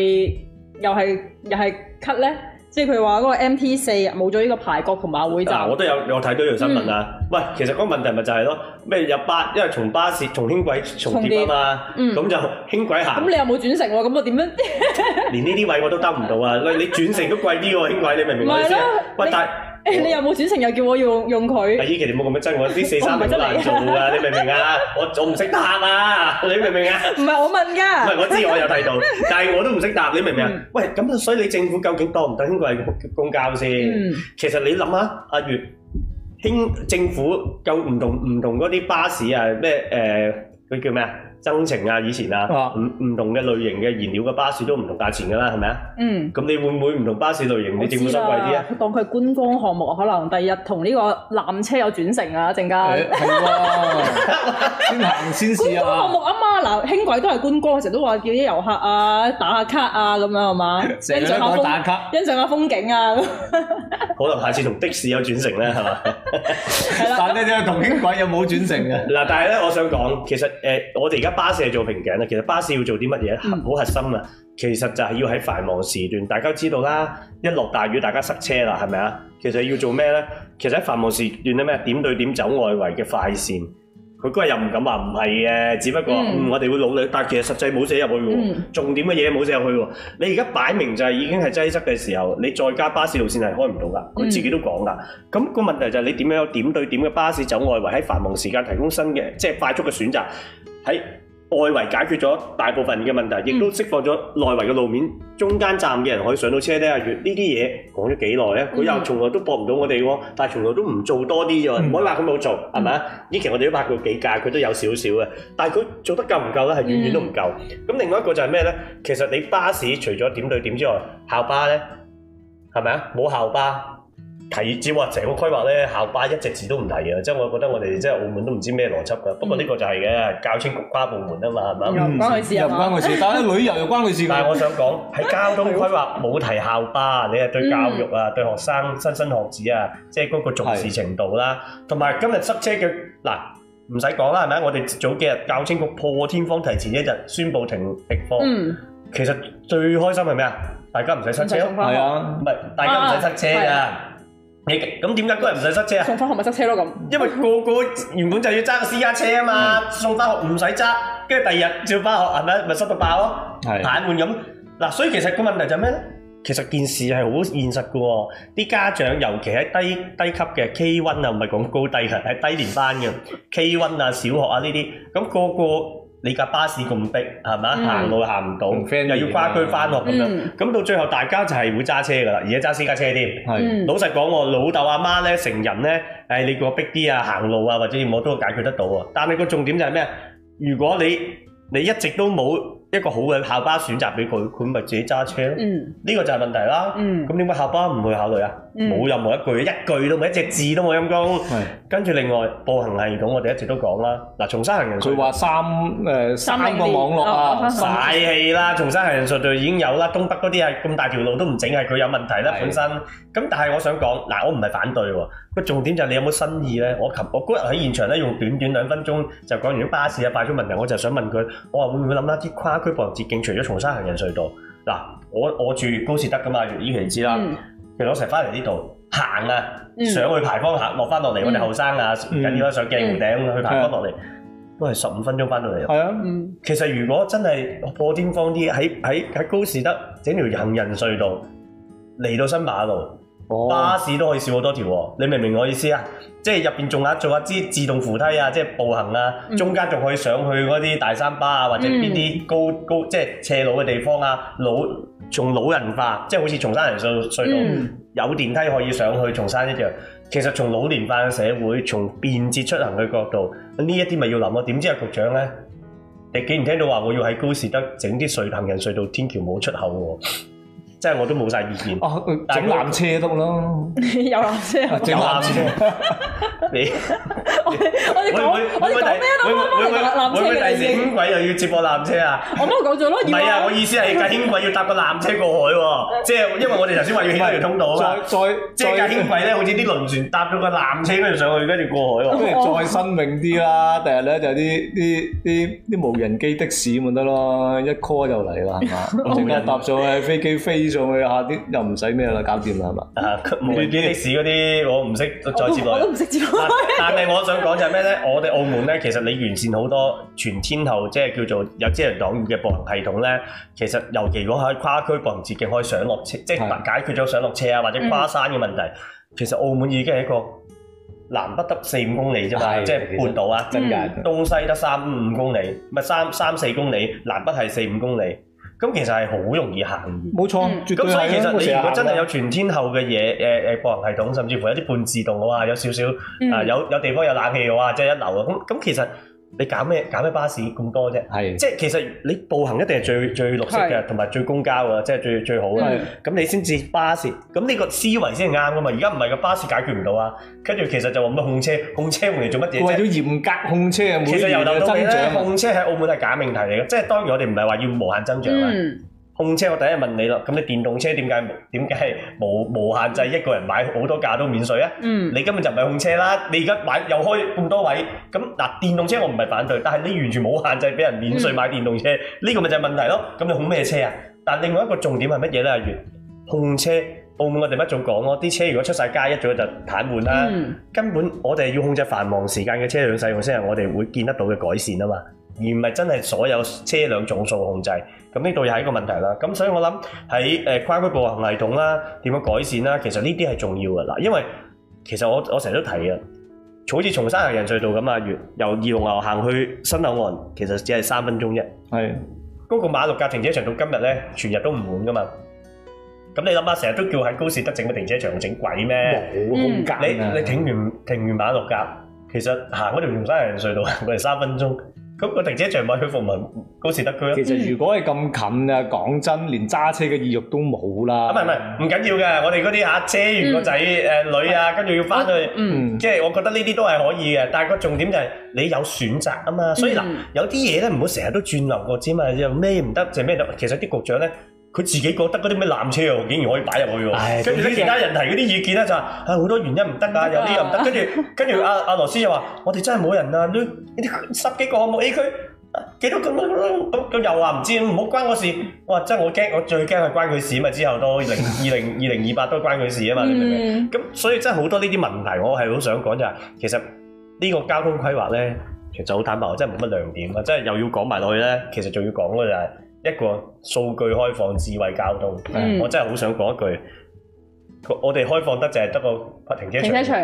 S1: 又係又係 cut 咧？即係佢話嗰個 MT 四冇咗呢個排角同馬會站。嗱、啊，我都有有睇到呢條新聞啊。嗯、
S2: 喂，其實嗰個問題咪就係、是、咯，咩有巴，因為從巴士從輕軌重疊啊嘛，咁、嗯、就輕軌行。咁、嗯
S1: 嗯、你又冇轉乘喎、啊，咁我點樣？
S2: 連呢啲位我都得唔到啊！喂， 你轉乘都貴啲喎、啊，輕軌你明唔明我意思？啊 啦，喂但。誒，
S1: 你又冇轉成又叫我用用佢？阿 E
S2: K，你冇咁樣憎我啲四三都難做噶，你明唔明啊？我仲唔識答啊？你明唔明啊？
S1: 唔係我問㗎。唔係我知我有睇到，但係我都唔識
S2: 答，你明唔明啊？喂，咁所以你政府究竟多唔多應該係公交先？其實你諗下，阿月興政府夠唔同唔同嗰啲巴士啊咩？誒，佢叫咩啊？曾經啊！以前啊，唔唔同嘅類型嘅燃料嘅巴士都唔同價錢㗎啦，係咪啊？嗯。咁你會唔會唔同巴士類型，你支付得貴啲啊？
S1: 當佢係觀光項目，可能第二日同呢個纜車有轉乘啊！一陣間。係喎。
S2: 先行先試啊！觀光項目
S1: 啊嘛，嗱輕軌都係觀光，成日都話叫啲遊客啊打下卡啊咁樣係嘛，欣賞下風景，欣賞下風景啊。
S2: 可能下次同的士有轉乘咧，係嘛？但係就同輕軌有冇轉乘啊？嗱，但係咧，我想講，其實誒，我哋而家。巴士係做瓶頸啊！其實巴士要做啲乜嘢？好核心啊？其實就係要喺繁忙時段，大家知道啦，一落大雨大家塞車啦，係咪啊？其實要做咩呢？其實喺繁忙時段係咩？點對點走外圍嘅快線，佢嗰日又唔敢話唔係嘅，只不過、嗯嗯、我哋會努力。但其實實際冇寫入去嘅，嗯、重點嘅嘢冇寫入去喎。你而家擺明就係已經係擠塞嘅時候，你再加巴士路線係開唔到㗎。佢自己都講㗎。咁、嗯、個問題就係你點樣有點對點嘅巴士走外圍喺繁忙時間提供新嘅即係快速嘅選擇喺？外圍解決咗大部分嘅問題，亦都釋放咗內圍嘅路面，中間站嘅人可以上到車呢。越呢啲嘢講咗幾耐呢，佢又從來都駁唔到我哋喎，但係從來都唔做多啲嘅喎。唔可以話佢冇做，係咪啊？以前我哋都拍過幾架，佢都有少少嘅，但係佢做得夠唔夠呢？係遠遠都唔夠。咁另外一個就係咩呢？其實你巴士除咗點對點之外，校巴呢，係咪啊？冇校巴。提住話成個規劃咧，校巴一隻字都唔提啊！即係我覺得我哋即係澳門都唔知咩邏輯噶。不過呢個就係嘅，教青局跨部門啊嘛，係咪？唔關佢事，又唔關佢事。但係旅遊又關佢事。但係我想講，喺交通規劃冇提校巴，你係對教育啊、對學生、莘莘學子啊，即係嗰個重視程度啦。同埋今日塞車嘅嗱，唔使講啦，係咪？我哋早幾日教青局破天荒提前一日宣布停課。嗯。其實最開心係咩啊？大家唔使塞車咯，係啊，唔係大家唔使塞車㗎。你咁點解嗰日唔使塞車啊？送翻學咪塞車咯咁。因為個個原本就要揸私家車啊嘛，送翻學唔使揸，跟住第二日照翻學，係咪咪塞到爆咯？係，癱瘓咁。嗱，所以其實個問題就咩咧？其實件事係好現實噶喎，啲家長尤其喺低低級嘅 K1 啊，唔係講高低噶，喺低年班嘅 K1 啊、小學啊呢啲，咁個個。你架巴士咁逼，係嘛？行路行唔到，又要跨區翻學咁樣，咁到最後大家就係會揸車噶啦，而家揸私家車添。老實講，我老豆阿媽咧，成人咧，誒你叫我逼啲啊，行路啊，或者我都會解決得到喎。但係個重點就係咩啊？如果你你一直都冇一個好嘅校巴選擇俾佢，佢咪自己揸車咯？呢個就係問題啦。咁點解校巴唔去考慮啊？冇、嗯、任何一句，一句都冇，一隻字都冇陰功。跟住是另外步行系統，我哋一直都講啦。嗱，松山行人隧道，佢話三誒、呃、三,年三個網絡、啊、曬氣啦。松山行人隧道已經有啦，東北嗰啲係咁大條路都唔整，係佢有問題啦是本身。咁但係我想講，嗱，我唔係反對喎。個重點就係你有冇新意呢？我琴我嗰日喺現場咧，用短短兩分鐘就講完啲巴士啊、快速問題，我就想問佢，我話會唔會諗一啲跨區步行捷徑，除咗松山行人隧道？嗱，我我住高士德噶嘛，依期你知啦。嗯其實我成日翻嚟呢度行啊，上去牌坊行落翻落嚟，我哋後生啊，唔緊要啦，上鏡湖頂去牌坊落嚟，都係十五分鐘翻到嚟。係啊，嗯、其實如果真係破天荒啲，喺喺喺高士德整條行人隧道嚟到新馬路。哦、巴士都可以少好多條喎，你明唔明我意思啊？即係入邊仲有做下啲自動扶梯啊，即係步行啊，中間仲可以上去嗰啲大三巴啊，或者邊啲高、嗯、高即係斜路嘅地方啊，老從老人化，即係好似松山人隧道，嗯、有電梯可以上去松山一樣。其實從老年化嘅社會，從便捷出行嘅角度，呢一啲咪要諗咯。點知啊，局長咧，你竟然聽到話我要喺高士德整啲隧行人隧道天橋冇出口喎、啊！ 即係我都冇曬意見。哦，整纜車得咯，有
S1: 纜車啊！整纜車，
S2: 你
S1: 我哋我哋講我哋講咩啊？會唔會第時輕軌又要
S2: 接駁纜車啊？
S1: 我幫佢講咗咯。唔係啊，我意思係架輕軌要搭個纜車過海喎。即係因為我哋頭先話要起一條通道啊。再
S2: 再即係架輕軌咧，好似啲輪船搭咗個纜車跟住上去，跟住過海喎。咁咪再新穎啲啦？第日咧就啲啲啲啲無人機的士咪得咯？一 call 就嚟啦，係嘛？更加搭咗啊！飛機飛。仲會下啲又唔使咩啦，搞掂啦係嘛？啊，冇歷史嗰啲我唔識，再接落去。我唔識接落去。但係我想講就係咩咧？我哋澳門咧，其實你完善好多全天候即係叫做有遮陽擋雨嘅步行系統咧。其實尤其如果喺跨區步行捷徑可以上落車，即係解決咗上落車啊或者跨山嘅問題。其實澳門已經係一個南北得四五公里啫嘛，即係半島啊，真㗎，東西得三五公里，唔係三三四公里，南北係四五公里。咁其實係好容易行嘅，冇錯。咁所以其實你如果真係有全天候嘅嘢，誒誒、嗯，步行系統，甚至乎有啲半自動嘅話，有少少、呃、有，有地方有冷氣嘅話，即係一流嘅、嗯嗯嗯嗯。其實。你減咩？減咩巴士咁多啫？係是，即係其實你步行一定係最最綠色嘅，同埋是最公交㗎，即係最最好啦。咁你先至巴士，咁呢個思維先係啱㗎嘛。而家唔係個巴士解決唔到啊。跟住其實就話乜控車，控車用嚟做乜嘢啫？為咗嚴格控車啊！其實又諗到增長，控車喺澳門係假命題嚟嘅。即係當然我哋唔係話要無限增長啊。嗯控車我第一日問你啦，咁你電動車點解點解無無限制一個人買好多架都免稅啊？你根本就唔係控車啦，你而家買又開咁多位，咁嗱電動車我唔係反對，但係你完全冇限制俾人免稅買電動車，呢個咪就係問題咯。咁你控咩車啊？但另外一個重點係乜嘢咧？原控車，澳門我哋乜都講咯，啲車如果出晒街，一早就癱瘓啦。根本我哋要控制繁忙時間嘅車輛使用先係我哋會見得到嘅改善啊嘛。而唔係真係所有車輛總數控制，咁呢度又係一個問題啦。咁所以我諗喺誒跨區步行系統啦，點樣改善啦？其實呢啲係重要嘅啦，因為其實我我成日都睇啊，好似松山行人隧道咁啊，由二龍喉行去新口岸，其實只係三分鐘啫。係嗰個馬六甲停車場到今日咧，全日都唔滿嘅嘛。咁你諗下，成日都叫喺高士德整個停車場整鬼咩？冇空間啊！你你停完停完馬六甲，其實行嗰條松山行人隧道，佢係三分鐘。咁個停車場咪去鳳文嗰時得嘅。其實、嗯、如果係咁近啊，講真，連揸車嘅意欲都冇啦。唔係唔係，唔緊要嘅。我哋嗰啲啊，車完個仔、誒女啊，跟住要翻去，即、嗯、係我覺得呢啲都係可以嘅。但係個重點就係你有選擇啊嘛。所以嗱，嗯、有啲嘢咧，唔好成日都鑽牛角尖嘛，又咩唔得就咩得。其實啲局長咧。佢自己覺得嗰啲咩纜車喎，竟然可以擺入去喎，跟住其他人提嗰啲意見咧就係好多原因唔得啊，有啲又唔得，跟住跟住阿阿羅斯又話：我哋真係冇人啊，呢呢啲十幾個項目 A 區幾多個咁咁，又話唔知，唔好關我事。我話真係我驚，我最驚係關佢事啊嘛，之後都零二零二零二八都關佢事啊嘛。明唔明？咁所以真係好多呢啲問題，我係好想講就係其實呢個交通規劃咧，其實好坦白，真係冇乜亮點啊！即係又要講埋落去咧，其實仲要講嘅就係。一個數據開放智慧交通，嗯、我真係好想講一句，我哋開放得淨係得個停車場，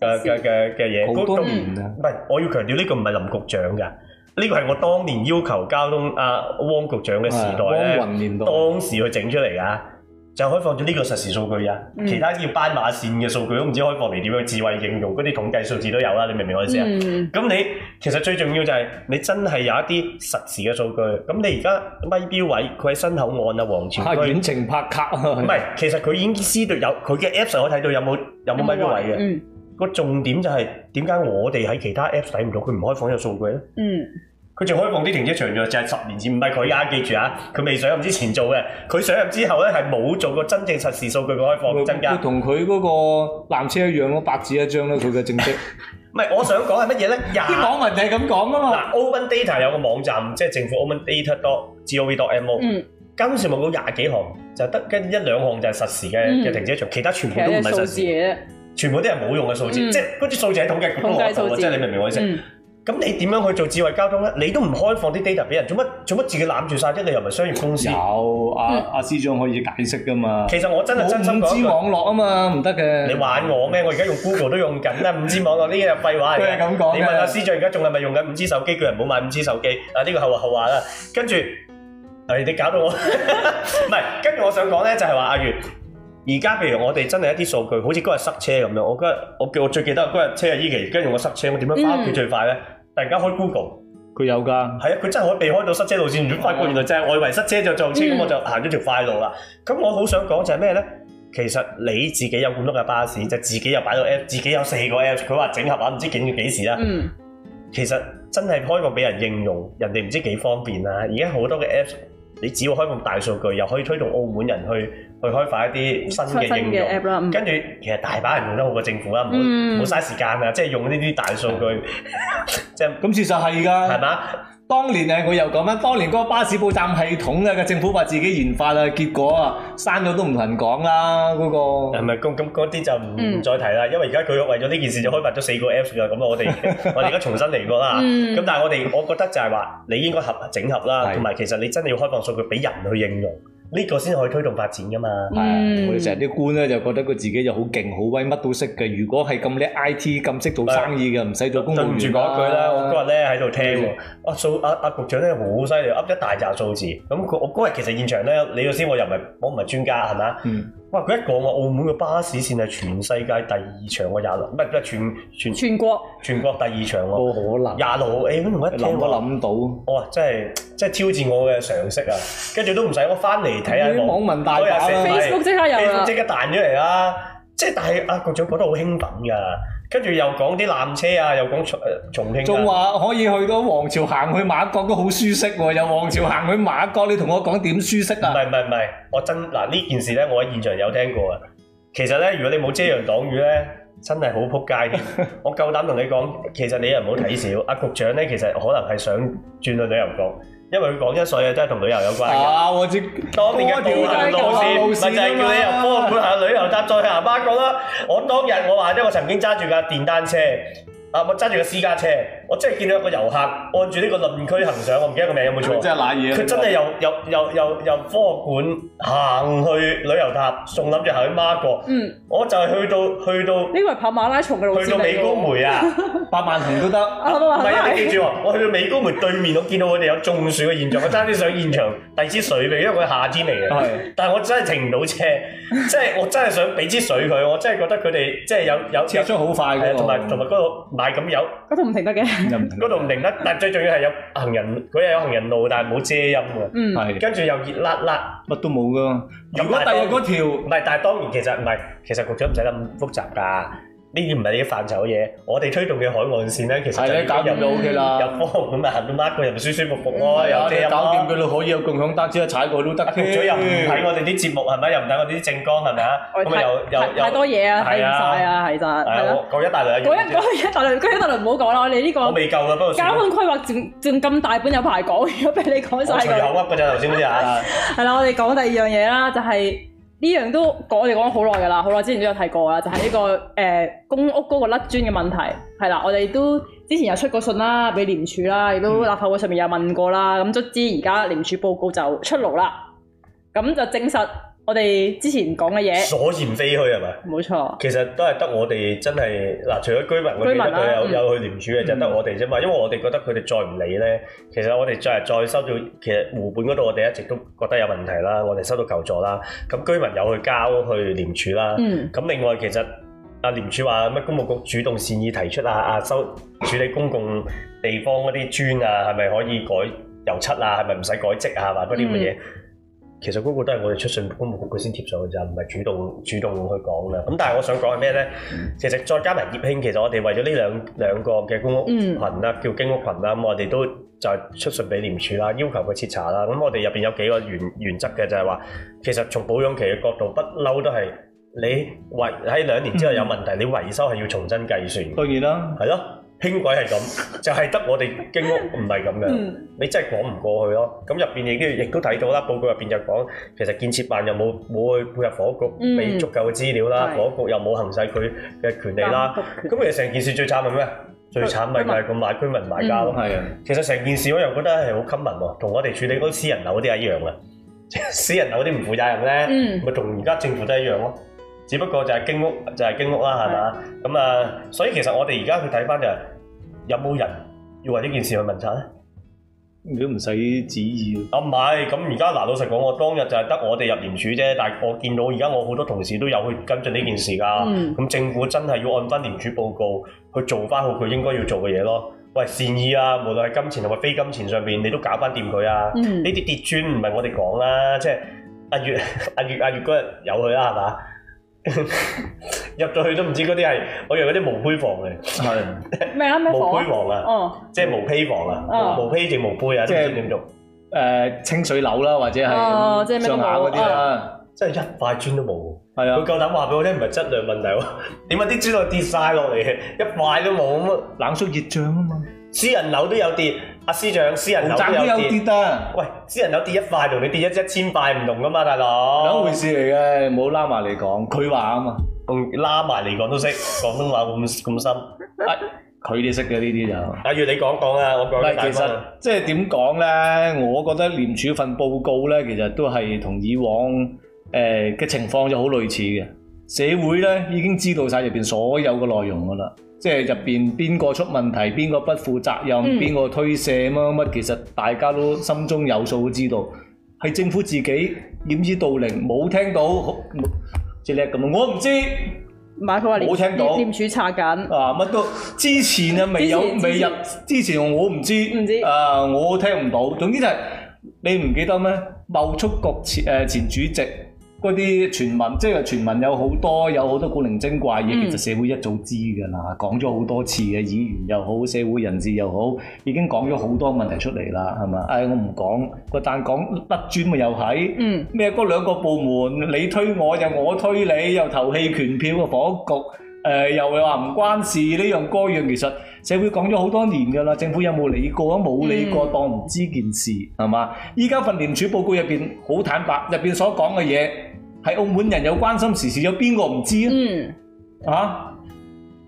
S2: 嘅嘅嘅嘅嘢。好多年唔係，我要強調呢個唔係林局長㗎，呢個係我當年要求交通阿、啊、汪局長嘅時代咧，嗯、當時去整出嚟噶。就開放咗呢個實時數據啊，嗯、其他叫斑馬線嘅數據都唔知開放嚟點樣智慧應用，嗰啲統計數字都有啦，你明唔明我意思啊？咁、嗯、你其實最重要就係你真係有一啲實時嘅數據，咁你而家咪標位佢喺新口岸王啊，黃朝區，遠程拍卡唔係，其實佢已經私度有，佢嘅 apps 可以睇到有冇有冇咪標位嘅。個、嗯、重點就係點解我哋喺其他 apps 睇唔到，佢唔開放呢個數據咧？嗯。佢仲開放啲停車場喎，就係十年前，唔係佢而家記住啊，佢未上任之前做嘅，佢上任之後咧係冇做過真正實時數據嘅開放嘅增加。同佢嗰個纜車一樣咯，白紙一張咯，佢嘅政績。唔係，我想講係乜嘢咧？廿講咪就係咁講啊嘛！嗱，Open Data 有個網站，即係政府 Open Data dot G O V dot M O。嗯。今時冇到廿幾行，就得跟一兩行就係實時嘅嘅停車場，其他全部都唔係實時。啲全部都係冇用嘅數字，即係嗰啲數字喺統計嗰度都冇啊！即係你明唔明我意思？咁你點樣去做智慧交通咧？你都唔開放啲 data 俾人，做乜做乜自己攬住晒啫？你又唔係商業公司。有阿阿、啊、司長可以解釋噶嘛？其實我真係真心知五 G 網絡啊嘛，唔得嘅。你玩我咩？我而家用 Google 都用緊啦，五 G 網絡呢啲係廢話嚟咁講。你問阿、啊、司長而家仲係咪用緊五 G 手機？叫人唔好買五 G 手機。啊呢、這個後話後話啦。跟住、哎、你搞到我，唔 係跟住我想講咧，就係、是、話阿如。而家譬如我哋真係一啲數據，好似嗰日塞車咁樣，我覺得我記我最記得嗰日車阿依琪，跟住我塞車，我點樣翻屋企最快咧？嗯突然間開 Google，佢有㗎，係啊，佢真係可以避開到塞車路線。如果發覺原來就係的外圍塞車就撞車，咁、嗯、我就行咗條快路啦。咁我好想講就係咩咧？其實你自己有咁多嘅巴士，就自己又擺到 app，自己有四個 app，佢話整合啊，唔知幾幾時啦。嗯、其實真係開個俾人應用，人哋唔知幾方便啊！而家好多嘅 app。你只要開放大數據，又可以推動澳門人去去開發一啲新嘅應用，跟住、嗯、其實大把人用得好過政府啦，唔好唔好嘥時間啊！嗯、即係用呢啲大數據， 即係是咁，事 實係㗎，係嘛？當年啊，佢又講返，當年嗰個巴士報站系統啊，個政府話自己研發啊，結果啊，刪咗都唔同人講啦，嗰、嗰個。係咪？咁咁嗰啲就唔、嗯、再提啦，因為而家佢為咗呢件事就開發咗四個 apps 噶，咁 我哋我哋而家重新嚟過啦。咁、嗯、但係我哋我覺得就係話，你應該合整合啦，同埋是其實你真係要開放數據俾人去應用。呢個先可以推動發展噶嘛？係啊、嗯！我哋成日啲官咧就覺得佢自己就好勁好威，乜都識嘅。如果係咁叻 IT，咁識做生意嘅，唔使、哎、呀做公務員，對唔住，講一句啦，我嗰日咧喺度聽喎。錯啊啊啊局長咧好犀利，噏一大紮數字。咁佢我嗰日其實現場咧，你又知我又唔係，我唔係專家係咪？嗯。哇！佢一講話，澳門嘅巴士線係全世界第二長嘅廿六，唔係唔係全全全國全國第二長咯。冇可能廿六號誒，我都冇我諗到。哇、哦！真係真係挑戰我嘅常識啊！跟住都唔使，我翻嚟睇下網民大炒啦，Facebook 即刻有即刻彈出嚟啦。即係但係阿局長覺得好興奮㗎。跟住又講啲纜車啊，又講重誒重慶、啊，仲話可以去到皇朝行去媽閣都好舒適喎、啊，又皇朝行去媽閣，你同我講點舒適啊？唔係唔係唔係，我真嗱呢、啊、件事咧，我喺現場有聽過啊。其實咧，如果你冇遮陽擋雨咧，真係好撲街。 我夠膽同你講，其實你又唔好睇少。阿、啊、局長咧，其實可能係想轉去旅遊局。因為佢講所有嘢啊，真係同旅遊有關嘅。啊，我知當年嘅導遊老師，咪就係叫你入幫管下旅遊搭載行巴哥啦。我當日我話咧，我曾經揸住架電單車，啊，我揸住架私家車。我真係見到一個遊客按住呢個鄰區行上，我唔記得個名有冇錯？即真係揦嘢。佢真係由由由由由科學館行去旅遊塔，仲諗住行去媽閣。嗯。我就係去到去到。呢個係
S1: 跑馬拉松嘅
S2: 路線。去到美高梅啊，百萬行都得。啊，你記住喎，我去到美高梅對面，我見到佢哋有中暑嘅現象，我爭啲上現場遞支水俾，因為佢係夏天嚟嘅。但係我真係停唔到車，即係我真係想俾支水佢，我真係覺得佢哋即係有有。車速好快嘅，同埋同埋嗰度賣咁有。度唔停得嘅。嗰度唔定得，但最重要係有行人，佢又有行人路，但係冇遮陰喎。嗯，係跟住又熱辣辣，乜都冇㗎。如果第二條唔係，但係當然其實唔係，其實局長唔使咁複雜㗎。呢啲唔係你嘅範疇嘅嘢，我哋推動嘅海岸線咧，其實係咧，搞掂就 O K 啦，入波咁咪行到 mark 過入，舒舒服服咯。有搞掂佢都可以有共享單車踩過都得。焗咗又唔睇我哋啲節目係咪？又唔睇我哋啲政綱係咪啊？咁咪又又太多嘢啊，睇唔晒啊，其實係講一大輪，講一講一
S1: 大輪，講一大輪，唔好講啦。我哋呢個我未夠啊，不過交通規劃正正咁大本有排講，如果俾你講曬咁。仲有
S2: 噏㗎咋頭先嗰隻啊？
S1: 係啦，我哋講第二樣嘢啦，就係。呢樣都講，我哋講咗好耐㗎啦，好耐之前都有提過啦，就係呢個呃公屋嗰個甩磚嘅問題，係啦，我哋都之前有出過信啦，俾廉署啦，亦都立法會上面有問過啦，咁都知而家廉署報告就出爐啦，咁就證實。我哋之前講嘅嘢，所言
S2: 非虛係咪？冇錯，其實都係得我哋真係嗱，除咗居民，居民佢有有去廉署嘅，就係得我哋啫嘛。因為我哋覺得佢哋再唔理咧，其實我哋再係再收到，其實湖畔嗰度我哋一直都覺得有問題啦。我哋收到求助啦，咁居民有去交去廉署啦。咁另外其實阿廉署話乜公務局主動善意提出啊，啊收處理公共地方嗰啲磚啊，係咪可以改油漆啊？係咪唔使改職啊？話嗰啲咁嘅嘢？其實嗰個都係我哋出信公務局佢先貼上嘅啫，唔係主動主動去講啦。咁但係我想講係咩咧？其實再加埋業興，其實我哋為咗呢兩兩個嘅公屋羣啦，叫經屋羣啦，咁我哋都就係出信俾廉署啦，要求佢徹查啦。咁我哋入邊有幾個原原則嘅，就係話其實從保養期嘅角度，不嬲都係你維喺兩年之後有問題，你維修係要重新計算。當然啦，係咯。輕軌係咁，就係得我哋經屋唔係咁樣，你真係講唔過去咯。咁入邊亦都亦都睇到啦，報告入邊就講其實建設辦又冇冇去配合房局，未足夠嘅資料啦，房局又冇行使佢嘅權利啦。咁其實成件事最慘係咩？最慘咪咪咁買居民買家咯。其實成件事我又覺得係好 common 喎，同我哋處理嗰私人樓嗰啲係一樣嘅，私人樓嗰啲唔負責任咧，咪同而家政府都一樣咯。只不過就係經屋，就係、是、經屋啦，係嘛？咁啊，所以其實我哋而家去睇翻就係有冇人要為呢件事去問責咧？如果唔使旨意。啊唔係，咁而家嗱，老實講，我當日就係得我哋入廉署啫。但係我見到而家我好多同事都有去跟進呢件事噶。咁、嗯、政府真係要按翻廉署報告去做翻好佢應該要做嘅嘢咯。喂，善意啊，無論係金錢同埋非金錢上邊，你都搞翻掂佢啊。呢啲、嗯、跌磚唔係我哋講啦，即、就、係、是、阿月、阿月、阿月嗰日有佢啦，係嘛？嗯入咗去都唔知嗰啲係，我以為嗰啲毛坯房嚟。
S1: 係，咩啊？毛坯房啊，
S2: 哦，即係毛坯房啊，毛坯定毛坯啊，即係點做？誒，清水樓啦，或者係，哦，即係咩啲啊？即係一塊磚都冇，係啊，佢夠膽話俾我聽唔係質量問題喎，點解啲磚都跌晒落嚟，嘅？一塊都冇啊。冷縮熱脹啊嘛，私人樓都有跌。阿司長，私人樓都有跌。喂，私人樓跌一塊同你跌一一千塊唔同噶嘛，大佬。兩回事嚟嘅，冇拉埋嚟講。佢話啊嘛，咁拉埋嚟講都識廣東話咁咁深。佢哋識嘅呢啲就。假如你講講啊，我講。其實，即係點講咧？我覺得廉署份報告咧，其實都係同以往誒嘅情況就好類似嘅。社會咧已經知道曬入邊所有嘅內容㗎啦。即係入邊邊個出問題，邊個不負責任，邊個推卸乜乜，其實大家都心中有數，知道係政府自己掩耳盜鈴，冇聽到好，即係叻咁咯。我唔知，冇聽到，冇聽到。
S1: 啊，乜
S2: 都之前啊，未有未入之前，我唔知，唔知啊，我聽唔到。總之就係你唔記得咩？貿促局前誒前主席。嗰啲傳聞，即係傳聞有好多，有好多古靈精怪嘢，其實社會一早知㗎啦，講咗好多次嘅，議員又好，社會人士又好，已經講咗好多問題出嚟啦，係嘛？唉、哎，我唔講，但講甩磚咪又係，咩嗰、mm. 兩個部門你推我，又我推你，又投棄權票啊，房屋局，呃、又話唔關事呢樣嗰樣，其實社會講咗好多年㗎啦，政府有冇理過？冇理過，當唔知件事係嘛？依家份廉署報告入面好坦白，入面所講嘅嘢。喺澳門人有關心時事，有邊個唔知啊？嗯，啊，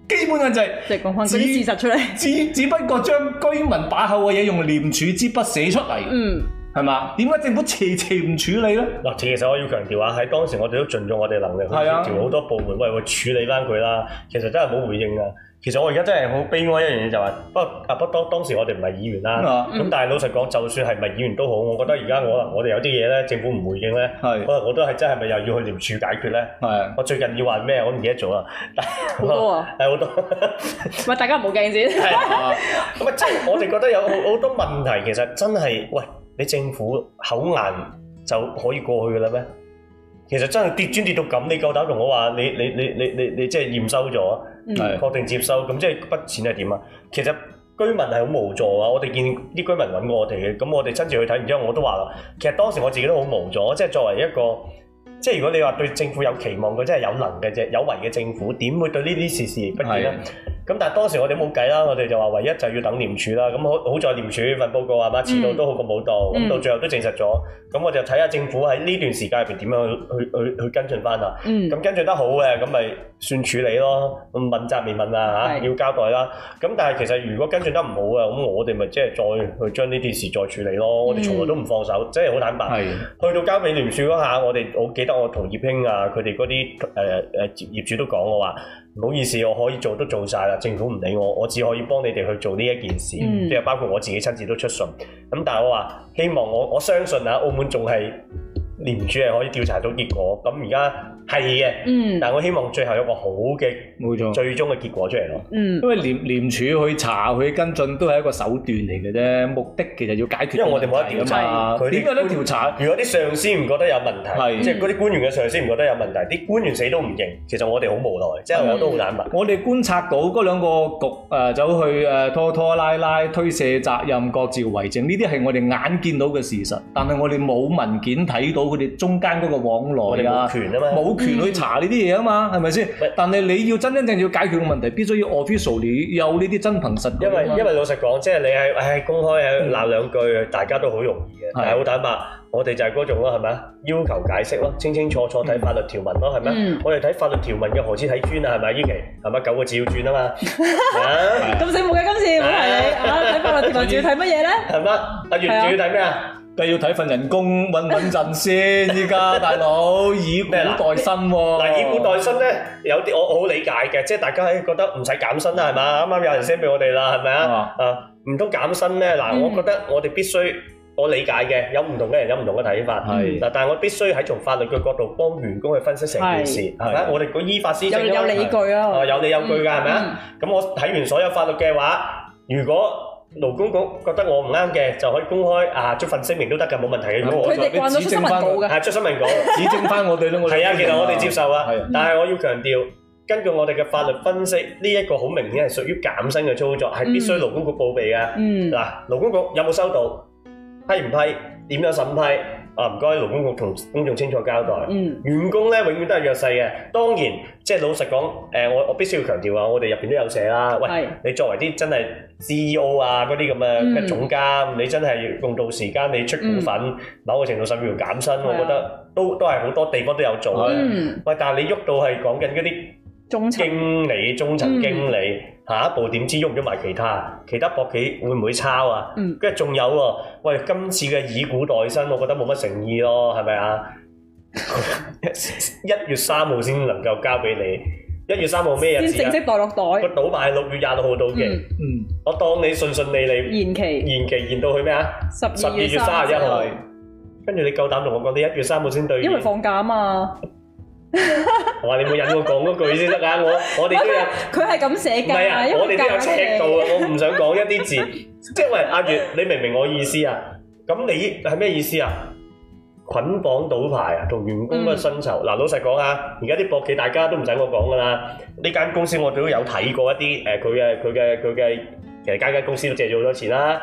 S2: 基本上就係、是、即係講翻事實出嚟，只只不過將居民把口嘅嘢用廉署之筆寫出嚟，嗯，係嘛？點解政府遲遲唔處理咧？嗱，其實我要強調下，喺當時我哋都盡咗我哋能力，去協調好多部門，喂喂處理翻佢啦。其實真係冇回應啊。其實我而家真係好悲哀一樣嘢就話，不過啊，不當當時我哋唔係議員啦，咁、啊、但係老實講，就算係唔係議員都好，我覺得而家我我哋有啲嘢咧，政府唔回應咧，可能是的 我都係真係咪又要去廉署解決咧？是的 我最近要話咩，我、啊、 都唔記得咗啦。好多啊，係好多。
S1: 喂，大家唔冇鏡先。咁啊，即
S2: 係我哋覺得有好多問題，其實真係喂，你政府口硬就可以過去噶啦咩？其實真係跌磚跌，跌到咁，你夠膽同我話你你你你你你即係驗收咗，確定接收，咁即係筆錢係點啊？其實居民係好無助啊，我哋見啲居民揾過我哋嘅，咁我哋親自去睇，然之後，我都話啦，其實當時我自己都好無助，即係作為一個。即係如果你話對政府有期望，佢真係有能嘅啫，有為嘅政府點會對呢啲事視而不見呢？咁是的 但係當時我哋冇計啦，我哋就話唯一就要等廉署啦。咁、嗯、好好在廉署份報告啊嘛，遲到都好過冇到，咁、嗯嗯、到最後都證實咗。咁、嗯、我就睇下政府喺呢段時間入邊點樣去去去跟進返啊？咁、嗯、跟進得好嘅，咁咪算處理咯。問責未問啊？嚇，是的 要交代啦。咁但係其實如果跟進得唔好嘅，咁我哋咪即係再去將呢件事再處理咯。我哋從來都唔放手，真係好坦白是的 的。去到交俾廉署嗰下，我哋我記。我同業興啊，佢哋嗰啲誒誒業主都講我話，唔好意思，我可以做都做晒啦，政府唔理我，我只可以幫你哋去做呢一件事，即係、嗯、包括我自己親自都出信。咁但係我話，希望我我相信啊，澳門仲係廉署係可以調查到結果。咁而家。係嘅，但我希望最後有個好嘅，最終嘅結果出嚟咯。因為廉廉署去查去跟進都係一個手段嚟嘅啫，目的其實要解決。因為我哋冇得調查，點解都調查？如果啲上司唔覺得有問題，即係嗰啲官員嘅上司唔覺得有問題，啲官員死都唔認。其實我哋好無奈，即係我都好難問。我哋觀察到嗰兩個局誒走去誒拖拖拉拉、推卸責任、各自為政，呢啲係我哋眼見到嘅事實，但係我哋冇文件睇到佢哋中間嗰個往來啊，冇。權去查呢啲嘢啊嘛，係咪先？但係你要真真正正解決個問題，必須要 officially 有呢啲真憑實據。因為因為老實講，即係你係公開啊鬧、嗯、兩句，大家都好容易嘅，係好、嗯、坦白。我哋就係嗰種咯，係咪啊？要求解釋咯，清清楚楚睇法律條文咯，係咪？嗯、我哋睇法律條文嘅何止睇專啊？係咪？依期係咪九個字要轉啊嘛？咁醒目嘅今次唔係你，係啊睇法律條文仲要睇乜嘢咧？係嘛？阿源仲要睇咩啊？你要睇份人工，穩穩陣先。依家大佬以股代薪喎。嗱，以股代薪咧，有啲我好理解嘅，即係大家覺得唔使減薪啦，係嘛？啱啱有人 send 俾我哋啦，係咪啊？啊，唔通減薪咩？嗱，我覺得我哋必須，我理解嘅，有唔同嘅人有唔同嘅睇法。係。嗱，但係我必須喺從法律嘅角度幫員工去分析成件事。係。我哋個依法施政啦。有有理據啊！啊，有理有據㗎，係咪啊？咁我睇完所有法律嘅話，如果勞工局覺得我唔啱嘅，就可以公開啊，出份聲明都得㗎，冇問題嘅。如果我你指證翻，係出新聞稿，指證翻我哋咯。係啊，其實我哋接受啊，但係我要強調，根據我哋嘅法律分析，呢一個好明顯係屬於減薪嘅操作，係必須勞工局報備嘅。嗯，嗱，勞工局有冇收到批唔批？點樣審批？啊唔該，勞工局同公眾清楚交代，嗯、員工咧永遠都係弱勢嘅。當然，即係老實講，誒、呃、我我必須要強調啊，我哋入邊都有寫啦。喂，是你作為啲真係 CEO 啊，嗰啲咁嘅總監，嗯、你真係用到時間，你出股份，嗯、某個程度甚至乎減薪，嗯、我覺得都都係好多地方都有做啊。喂、嗯，但係你喐到係講緊嗰啲。經理中層經理，下一步點知喐咗埋其他，其他博企會唔會抄啊？跟住仲有喎，喂，今次嘅以股代薪，我覺得冇乜誠意咯，係咪啊？一月三號先能夠交俾你，一月三號咩日子啊？先正式代落袋。個賭牌係六月廿六號到期，嗯，我當你順順利利，延期，延期延到去咩啊？十二月三十一號，跟住你夠膽同我講你一月三號先兌？因為
S1: 放假啊嘛。
S2: 我話你冇引我講嗰句先得啊！我我哋都有，
S1: 佢係咁寫嘅，唔係啊！我哋都有尺度
S2: 啊！我唔想講一啲字，即係話阿月，你明唔明我意思啊？咁你係咩意思啊？捆綁賭牌啊，同員工嘅薪酬嗱，老實講啊，而家啲博企大家都唔使我講噶啦，呢間公司我哋都有睇過一啲誒，佢嘅佢嘅佢嘅，其實間間公司都借咗好多錢啦。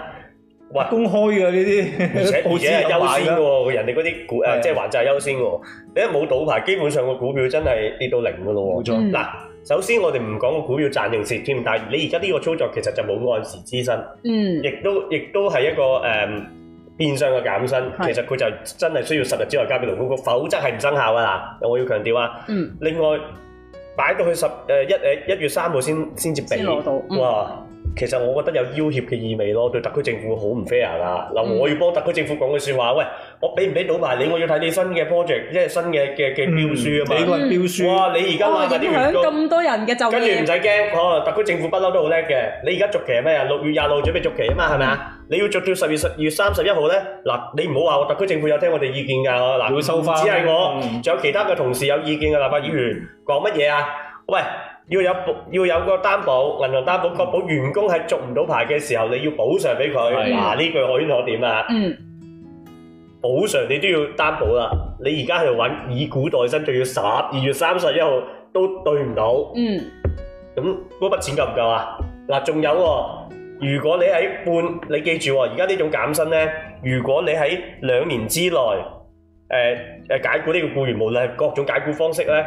S2: 話公開嘅呢啲，而且而且優先嘅喎，人哋嗰啲股誒即係還債優先嘅喎，你一冇賭牌，基本上個股票真係跌到零嘅咯喎。嗱，首先我哋唔講個股票賺定蝕添，但係你而家呢個操作其實就冇按時支薪，嗯，亦都亦都係一個誒變相嘅減薪，其實佢就真係需要十日之內交俾勞工局，否則係唔生效嘅啦。我要強調啊，嗯，另外擺到去十誒一誒一月三號先先至俾，哇！其實我覺得有要挾嘅意味咯，對特區政府好唔 fair 啊！我要幫特區政府講句説話，嗯、喂，我俾唔俾賭牌，你我要睇你新嘅 project，即係新嘅嘅嘅標書啊嘛，標書。哇！你而家啊，影響咁多人嘅就業。跟住唔使驚，特區政府不嬲都好叻嘅。你而家續期係咩啊？六月廿六準備續期啊嘛，係咪、嗯、你要續到十月三十一號咧，嗱，你唔好話我特區政府有聽我哋意見㗎，嗱，會收返，只係我，仲、嗯、有其他嘅同事有意見嘅立法議員講乜嘢啊？喂！要有要有個擔保，銀行擔保、確保，員工係續唔到牌嘅時候，你要補償俾佢。嗱，呢句可圈可點啊。補償你都要擔保啦。你而家去揾以股代薪，仲要十二月三十一號都對唔到。
S1: 咁
S2: 嗰筆錢夠唔夠啊？嗱，仲有，如果你喺半，你記住，而家呢種減薪咧，如果你喺兩年之內，誒誒解僱呢個僱員，無論係各種解僱方式咧，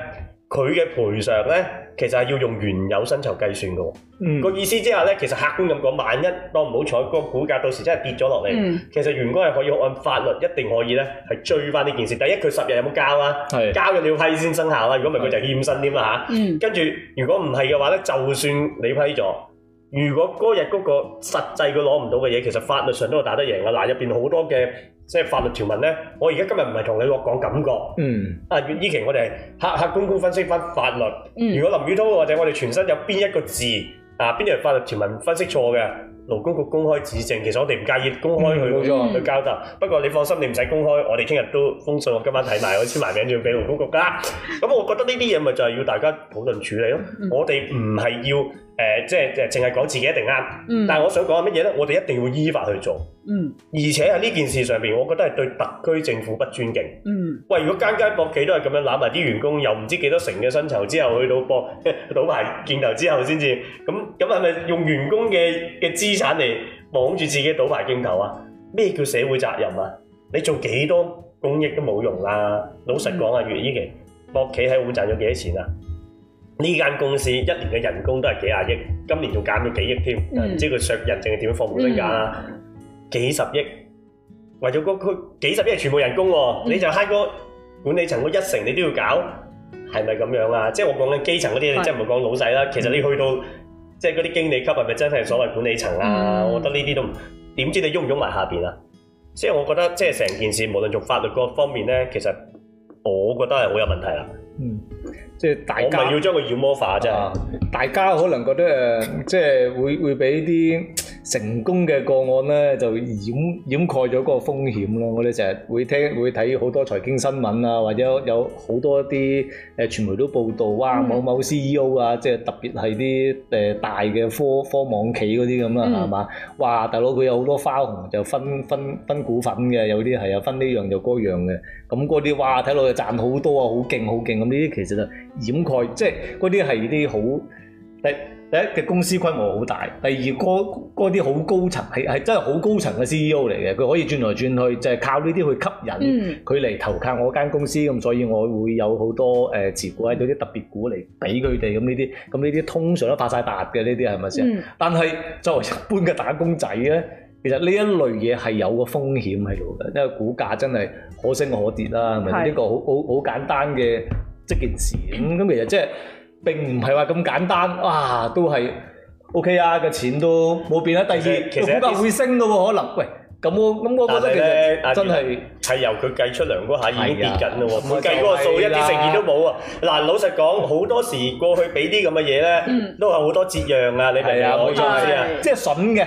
S2: 佢嘅賠償呢，其實係要用原有薪酬計算嘅。嗯、個意思之下呢，其實客觀咁講，萬一當唔好彩個股價到時真係跌咗落嚟，嗯、其實員工係可以按法律一定可以呢，係追翻呢件事。第一，佢十日有冇交啦？是交咗你要批先生效啦。如果唔係，佢就欠薪添啦嚇。跟住如果唔係嘅話呢，就算你批咗，如果嗰日嗰個實際佢攞唔到嘅嘢，其實法律上都係打得贏嘅。嗱，入邊好多嘅。即係法律條文咧，我而家今日唔係同你落講感覺，嗯，啊，依期我哋係客客觀觀分析翻法律，嗯，如果林宇滔或者我哋全身有邊一個字啊，邊條法律條文分析錯嘅，勞工局公開指正，其實我哋唔介意公開去去交代。不過你放心，你唔使公開，我哋聽日都封信，我今晚睇埋，我簽埋名就要俾勞工局㗎。咁我覺得呢啲嘢咪就係要大家討論處理咯，我哋唔係要。誒、呃，即係誒，淨係講自己一定啱，嗯、但係我想講乜嘢呢？我哋一定要依法去做，嗯，而且喺呢件事上面，我覺得係對特區政府不尊敬，嗯。喂，如果間間博企都係咁樣攬埋啲員工，又唔知幾多成嘅薪酬之後去到博賭牌競投之後先至，咁咁係咪用員工嘅嘅資產嚟擋住自己賭牌競投啊？咩叫社會責任啊？你做幾多公益都冇用啦！老實講啊，葉依琪，博企喺澳賺咗幾多錢啊？呢間公司一年嘅人工都係幾廿億，今年仲減咗幾億添，唔、嗯、知佢削人淨係點樣放冇身價，幾十億，為咗嗰佢幾十億全部人工喎，嗯、你就蝦個管理層嗰一成，你都要搞，係咪咁樣啊？即係我講緊基層嗰啲，是你真係唔好講老細啦。嗯、其實你去到、嗯、即係嗰啲經理級係咪真係所謂管理層啊？嗯、我覺得呢啲都唔，點知你喐唔喐埋下邊啊？所以，我覺得即係成件事，無論做法律各方面咧，其實我覺得係好有問題啦。嗯。即係大家，要將個妖魔化啫、啊。大家可能覺得誒，即係會 會俾啲。成功嘅個案咧，就掩掩蓋咗嗰個風險啦。我哋成日會聽會睇好多財經新聞啊，或者有好多啲誒傳媒都報道哇，某某 CEO 啊，即係特別係啲誒大嘅科科網企嗰啲咁啦，係嘛？嗯、哇，大佬佢有好多花紅，就分分分股份嘅，有啲係啊，分呢樣就嗰、是、樣嘅。咁嗰啲哇，睇落去賺好多啊，好勁好勁咁。呢啲其實就掩蓋，即係嗰啲係啲好誒。第一嘅公司規模好大，第二嗰啲好高層係係真係好高層嘅 CEO 嚟嘅，佢可以轉來轉去，就係、是、靠呢啲去吸引佢嚟投靠我間公司，咁、嗯、所以我會有好多誒、呃、持股喺度啲特別股嚟俾佢哋，咁呢啲咁呢啲通常都發晒達嘅呢啲係咪先？是是嗯、但係作為一般嘅打工仔咧，其實呢一類嘢係有個風險喺度嘅，因為股價真係可升可跌啦，係咪呢個好好好簡單嘅即件事咁咁，其實即、就、係、是。並唔係話咁簡單，哇，都係 OK 啊！個錢都冇變啦。第二，其實會升嘅喎，可能喂咁我咁我覺得其實，真係係由佢計出糧嗰下已經跌緊咯喎，佢計嗰個數一啲誠意都冇啊！嗱，老實講，好多時過去俾啲咁嘅嘢咧，都係好多折讓啊！你哋啊，攞出嚟啊，即係筍嘅。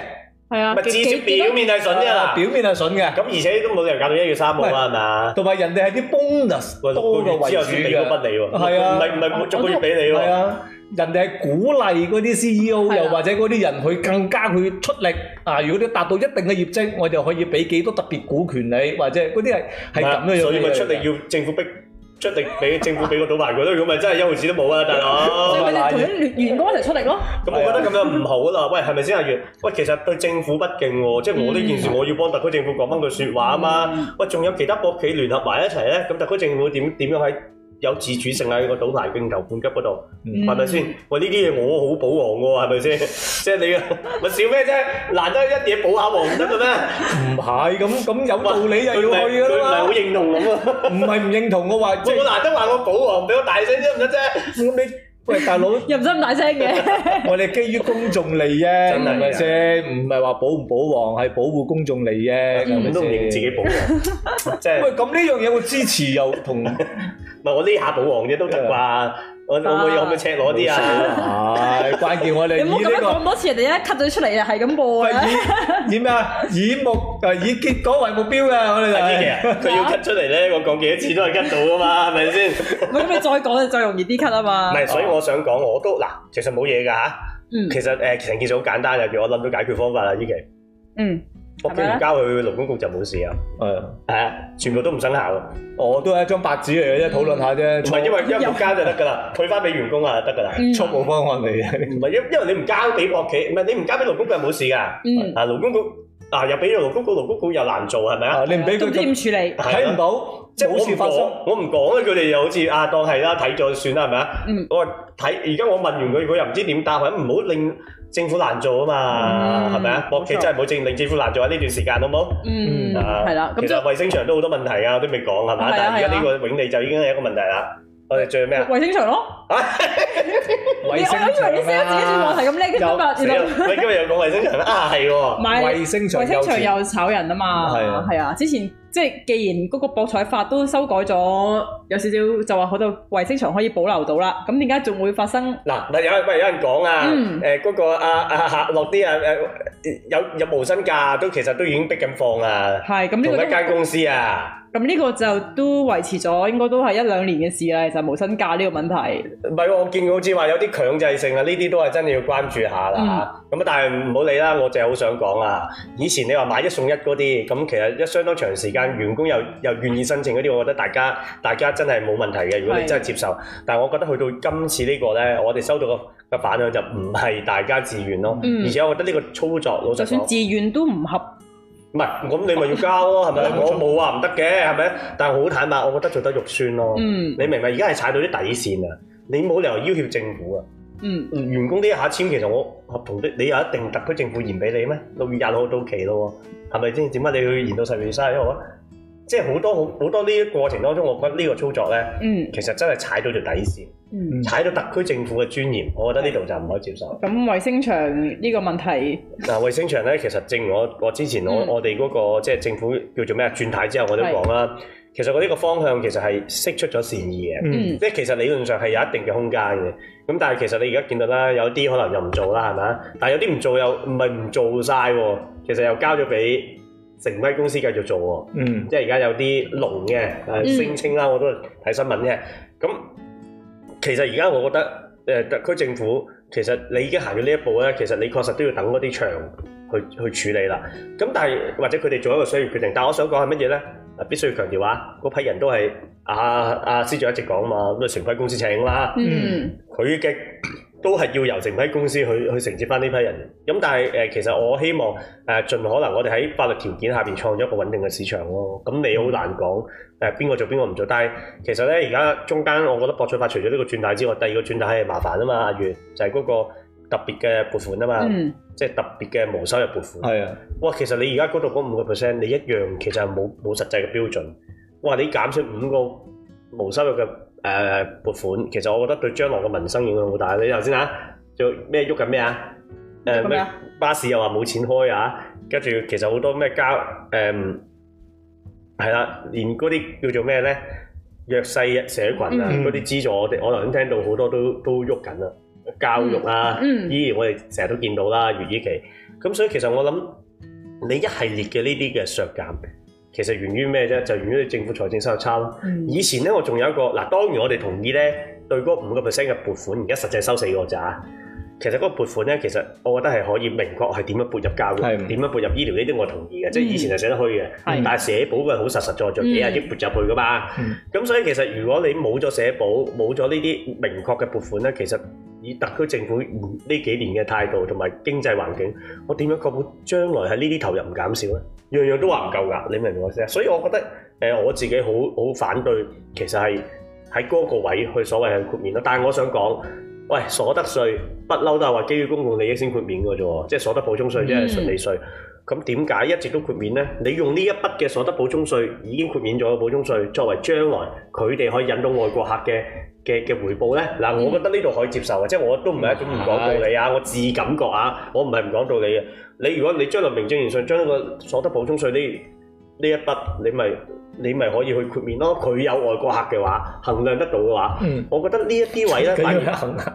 S2: 係啊，咪至少表面係筍啫，表面係筍嘅。咁而且都冇理由搞到一月三號啦，係嘛？同埋人哋係啲 bonus 多個月之後先俾咗筆你喎，係啊，唔係唔係，唔係每個月俾你咯。係啊，人哋係鼓勵嗰啲 CEO 又或者嗰啲人去更加去出力啊！如果你達到一定嘅業績，我就可以俾幾多特別股權你，或者嗰啲係係咁樣樣。所以咪出力要政府逼。出力俾政府俾個賭牌佢咯，如果唔係真係一毫子都冇啊，大佬！係咪啊？同啲原員
S1: 工一齊出力
S2: 咯。咁我覺得咁樣唔好啦。喂，係咪先啊？袁喂，其實對政府不敬喎。即係我呢件事，我要幫特區政府講翻句説話啊嘛。喂，仲有其他博企聯合埋一齊咧，咁特區政府點點樣喺？有自主性啦，喺個賭牌競投半急嗰度，係咪先？喂，呢啲嘢我好保王喎，係咪先？即係你啊，咪笑咩啫？難得一點保下王唔得嘅咩？唔係咁，咁有道理就要去噶啦嘛。唔係唔認同我話，喂，難得話我保王，俾我大聲一陣得啫。我你喂大佬，又唔使咁大聲嘅。我哋基於公眾利益，係咪先？唔係話保唔保王，係保護公眾利益，咁都唔認自己保王。即係喂，咁呢樣嘢我支持又同。唔係我呢下保王啫都得啩，我會唔會有冇赤裸啲啊？關鍵我哋，你唔好講咁
S1: 多次，人哋一 cut 咗出嚟就係咁播啊！
S2: 以咩啊？以目啊，以結果為目標嘅我哋就，依琪，佢要 cut 出嚟咧，我講幾多次都係 cut 到啊嘛，係咪先？
S1: 唔係咁你再講就再容易啲 cut 啊嘛。唔係，所以我
S2: 想講，我都嗱，其實冇嘢㗎嚇。嗯，其實誒成件事好簡單叫我諗到解決方法啦，依琪。嗯。屋企唔交去勞工局就冇事啊，係啊，全部都唔生效噶，我都係一張白紙嚟嘅啫，討論下啫，唔係因為一交就得噶啦，退翻俾員工啊就得噶啦，初步方案嚟嘅，唔係因因為你唔交俾屋企，唔係你唔交俾勞工局係冇事噶，啊勞工局啊又俾到勞工局，勞工局又難做係咪啊？你唔俾佢點處理，睇唔到，即係我唔講，我唔講啊，佢哋又好似啊當係啦，睇咗算啦係咪啊？我話睇而家我問完佢，佢又唔知點答，或者唔好令。政府難做啊嘛，係咪啊？博企真係冇政令，政府難做喎呢段時間，好冇？嗯，係啦、啊，的其實衛星場都好多問題啊，我都未講係嘛？是是的但係而家呢個永利就已經係一個問題啦。我哋做咩啊？衛星場咯，
S1: 我以為你先開始自己轉話題係咁，你今日又講衛星場啊，係喎，買衛星場，衛星場又炒人啊嘛，係啊，係啊，之前即係既然嗰個博彩法都修改咗，有少少就話好多衛星場可以保留到啦，咁點解仲會發生？嗱，唔
S2: 係有唔係有人講啊？誒，嗰個阿阿落啲啊誒，有有無薪假都其實都已經逼緊放啊，係咁同一間公司啊。
S1: 咁呢個就都維持咗，應該都係一兩年嘅事啦。其實冇薪假呢個問題，
S2: 唔係我見好似話有啲強制性啊，呢啲都係真係要關注下啦吓。咁、嗯、但係唔好理啦，我淨係好想講啊。以前你話買一送一嗰啲，咁其實一相當長時間員工又又願意申請嗰啲，我覺得大家大家真係冇問題嘅。如果你真係接受，是但係我覺得去到今次呢、呢個呢，我哋收到嘅嘅反響就唔係大家自願咯，嗯、而且我覺得呢個操作老實講，就算自願都唔合。唔係，咁你咪要交咯，係咪？ 我冇話唔得嘅，係咪？但係好坦白，我覺得做得肉酸咯。嗯，你明唔明？而家係踩到啲底線啊！你冇理由要挾政府啊！嗯，員工呢一下簽，其實我合同的，你有一定特區政府延俾你咩？六月廿六號到期咯喎，係咪先？點解你要延到十月三十一號啊？ 即係好多好好多呢啲過程當中，我覺得呢個操作咧，嗯、其實真係踩到條底線，嗯、踩到特區政府嘅尊嚴，嗯、我覺得呢度就唔可以接受。
S1: 咁衛星場呢個問題？
S2: 嗱，衛星場咧，其實正如我我之前我、嗯、我哋嗰、嗰個即係政府叫做咩啊轉態之後我都講啦，嗯、其實我呢個方向其實係釋出咗善意嘅，嗯、即係其實理論上係有一定嘅空間嘅。咁但係其實你而家見到啦，有啲可能又唔做啦，係咪？但係有啲唔做又唔係唔做晒喎，其實又交咗俾城規公司繼續做喎，嗯、即係而家有啲龍嘅聲稱啦，我都睇新聞嘅。咁其實而家我覺得，誒、呃、特區政府其實你已經行咗呢一步咧，其實你確實都要等嗰啲場去去處理啦。咁但係或者佢哋做一個商業決定，但係我想講係乜嘢咧？必須要強調話，嗰批人都係阿阿司長一直講啊嘛，咁係城規公司請啦，佢嘅、嗯。都係要由成批公司去去承接翻呢批人，咁但係誒、呃，其實我希望誒、呃、盡可能我哋喺法律條件下邊創造一個穩定嘅市場咯。咁你好難講誒邊個做邊個唔做，但係其實咧而家中間，我覺得博彩法除咗呢個轉大之外，第二個轉大係麻煩啊嘛，阿月就係、是、嗰個特別嘅撥款啊嘛，即係、嗯、特別嘅無收入撥款。係啊，哇！其實你而家嗰度嗰五個 percent，你一樣其實係冇冇實際嘅標準。哇！你減出五個無收入嘅。誒撥款，其實我覺得對將來嘅民生影響好大。你頭先啊，做咩喐緊咩啊？誒咩巴士又話冇錢開啊？跟住其實好多咩教誒，係啦，連嗰啲叫做咩咧弱勢社羣啊，嗰啲資助我哋，我頭先聽到好多都都喐緊啦。教育啊，依然我哋成日都見到啦，如以期。咁所以其實我諗，你一系列嘅呢啲嘅削減。其實源於咩啫？就源於你政府財政收入差咯。嗯、以前咧，我仲有一個嗱，當然我哋同意咧，對嗰五個 percent 嘅撥款，在在而家實際收四個咋。其實嗰撥款咧，其實我覺得係可以明確係點樣撥入教育、點的樣撥入醫療呢啲，我同意嘅。嗯、即係以前係寫得虛嘅，的但係社保嘅好實實在在幾廿億撥入去噶嘛。咁、嗯、所以其實如果你冇咗社保、冇咗呢啲明確嘅撥款咧，其實以特區政府呢幾年嘅態度同埋經濟環境，我點樣確保將來喺呢啲投入唔減少咧？樣樣都話唔夠噶，你明唔明我意思啊？所以我覺得，誒、呃，我自己好好反對，其實係喺嗰個位去所謂去豁免咯。但係我想講，喂，所得稅不嬲都係話基於公共利益先豁免嘅啫，即係所得補充稅，即係純利稅。嗯咁點解一直都豁免呢？你用呢一筆嘅所得補充稅已經豁免咗補充稅，作為將來佢哋可以引到外國客嘅嘅嘅回報呢？嗱、啊，我覺得呢度可以接受嘅，嗯、即係我都唔係一種唔講道理啊。的我自感覺啊，我唔係唔講道理嘅。你如果你將來名正言順將呢個所得補充稅呢呢一筆，你咪你咪可以去豁免咯。佢有外國客嘅話，衡量得到嘅話，嗯、我覺得呢一啲位呢，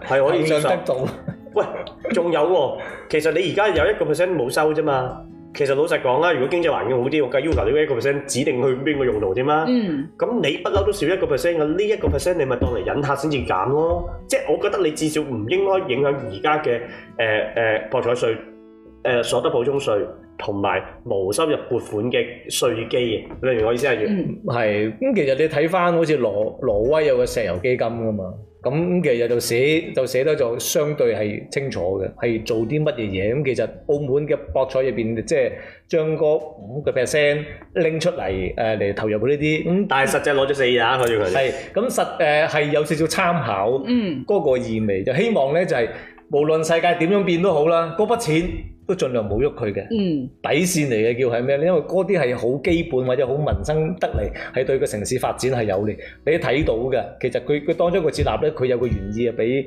S2: 係可以接受，得到 喂，仲有喎、啊，其實你而家有一個 percent 冇收啫嘛。其實老實講啦，如果經濟環境好啲，我梗要求你一個 percent 指定去邊個用途添啦。咁、嗯你，啊、你不嬲都少一個 percent，咁呢一個 percent 你咪當嚟引客先至減咯。即係我覺得你至少唔應該影響而家嘅誒誒博彩稅、誒、呃、所得補充稅同埋無收入撥款嘅稅基嘅。例如我意思係要咁，其實你睇翻好似挪挪威有個石油基金噶嘛。咁其實就寫就寫得就相對係清楚嘅，係做啲乜嘢嘢。咁其實澳門嘅博彩入邊，即係將個五個 percent 拎出嚟，誒嚟投入佢呢啲。咁但係實際攞咗四啊，攞咗佢。係咁實誒係有少少參考。嗯。嗰個意味就希望咧，就係無論世界點樣變都好啦，嗰筆錢。都盡量冇喐佢嘅，嗯，底線嚟嘅叫係咩咧？因為嗰啲係好基本或者好民生得嚟，係對個城市發展係有利，你睇到嘅。其實佢佢當中個設立咧，佢有個原意係，俾。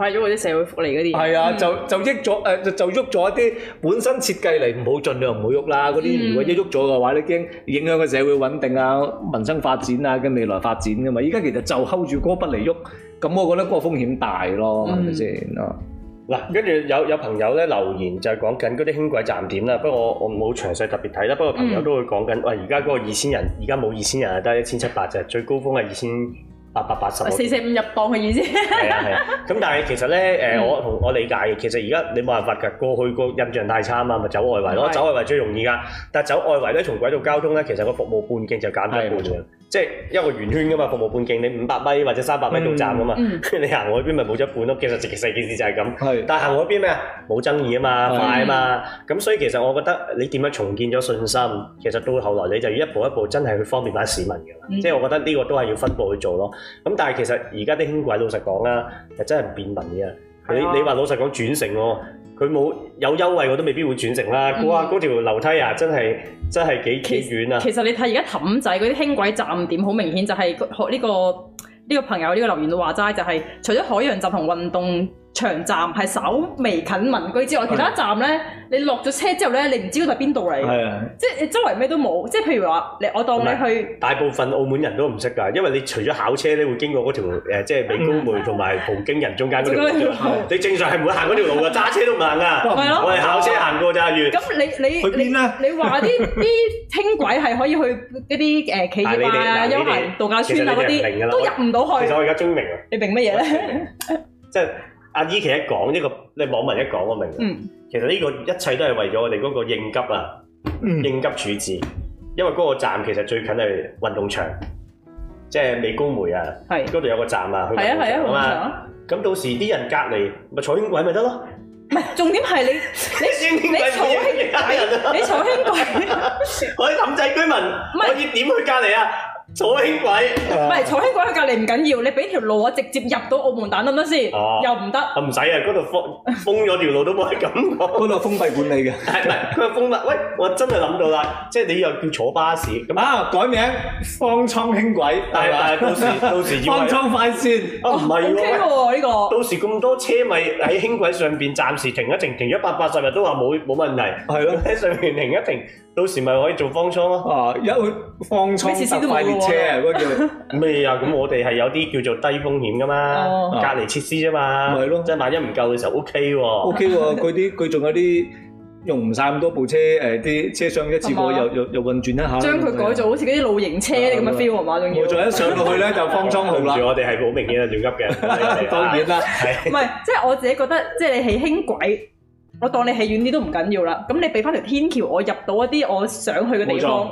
S2: 派咗嗰啲社會福利嗰啲，係啊，嗯、就就益咗誒，就、呃、就喐咗一啲本身設計嚟唔好，盡量唔好喐啦。嗰啲如果一喐咗嘅話，你驚、嗯、影響個社會穩定啊、民生發展啊嘅未來發展噶、啊、嘛。而家其實就 hold 住嗰個不嚟喐，咁我覺得嗰個風險大咯，係咪先啊？嗱，跟住有有朋友咧留言就係講緊嗰啲輕軌站點啦。不過我我冇詳細特別睇啦。不過朋友都會講緊，喂，而家嗰個二千人，而家冇二千人啊，得一千七百啫，最高峰係二千。八百八十，四四
S1: 五入檔嘅意思。 係啊係
S2: 啊，咁但係其實咧，誒、嗯、我同我理解嘅，其實而家你冇辦法㗎，過去個印象太差啊嘛，咪走外圍咯，是的 走外圍最容易㗎。但走外圍咧，從軌道交通咧，其實個服務半徑就減咗一半嘅。即係一個圓圈噶嘛，服務半徑你五百米或者三百米到站噶嘛，嗯嗯、 你行嗰邊咪冇咗一半咯。其實直情成件事就係咁，是但係行嗰邊咩啊？冇爭議啊嘛，是快啊嘛。咁所以其實我覺得你點樣重建咗信心，其實到後來你就要一步一步真係去方便翻市民噶啦。嗯、即係我覺得呢個都係要分步去做咯。咁但係其實而家啲輕軌老實講啦，係真係唔便民嘅。你、啊、你話老實講轉乘喎、哦。佢冇有，有優惠，我都未必會轉乘啦。哇、嗯嗯，嗰條樓梯啊，真係真係幾遠啊其！其
S1: 實你睇而家氹仔嗰啲輕軌站點，好明顯就係學呢個呢、呢個朋友呢個留言都話齋，就係除咗海洋集同運動長站係稍微近民居之外，其他站咧，你落咗車之後咧，你唔知道佢喺邊度嚟，即係你周圍咩都冇。即係譬如話，你我當你去
S2: 大部分澳門人都唔識㗎，因為你除咗考車咧，會經過嗰條誒，即係美高梅同埋葡京人中間嗰條路，你正常係唔會行嗰條路噶，揸車都唔行噶，我哋考車行過咋，完。咁
S1: 你你你去邊啊？你話啲啲輕軌係可以去一啲誒企業啊、休閒度假村啊嗰啲，都入唔到去。其實我而
S2: 家終於明啦，你明乜嘢咧？即係。阿姨，其實一講呢個，呢網民一講我明啦。嗯、其實呢個一切都係為咗我哋嗰個應急啊，嗯、應急處置。因為嗰個站其實最近係運動場，即、就、係、是、美高梅啊，嗰度是有個站啊。去係啊係啊，運動場啊。咁嘛、啊、到時啲人隔離咪坐輕軌咪得咯？唔係重
S1: 點係你 你你， 你，你坐輕軌，你坐輕軌，我哋臨濟居民可以點去隔離啊？坐輕軌，唔係、啊、坐輕軌喺隔離唔緊要，你俾條路我直接入到澳門蛋得唔得先？又唔得？唔
S2: 使啊，嗰度封封咗條路都冇係咁，嗰度 封閉管理嘅。唔係，佢封啦。喂，我真係諗到啦，即係你又叫坐巴士咁啊？改名方艙輕軌，但係到時到時要方艙快線啊？唔係喎，呢、啊喂呢個到時咁多車咪喺輕軌上邊暫時停一停，停一百八十日都話冇冇問題，係咯的？喺上邊停一停。到時咪可以做方艙咯，啊，有方艙搭快啲車嗰叫咩啊？咁我哋係有啲叫做低風險噶嘛，隔離設施啫嘛，係咯，即係萬一唔夠嘅時候，OK 喎，OK 喎，佢啲佢仲有啲用唔晒咁多部車誒啲車廂一次過又又又運轉一下，將佢改做
S1: 好似嗰啲露營車咁嘅 feel 喎，馬仲要，我
S2: 仲一上落去咧就方艙號啦，我哋係好明顯啊，最急嘅，當然啦，唔係
S1: 即係我自己覺得，即係你起輕軌。我當你係遠啲都唔緊要啦，咁你俾翻條天橋，我入到一啲我想去嘅地方，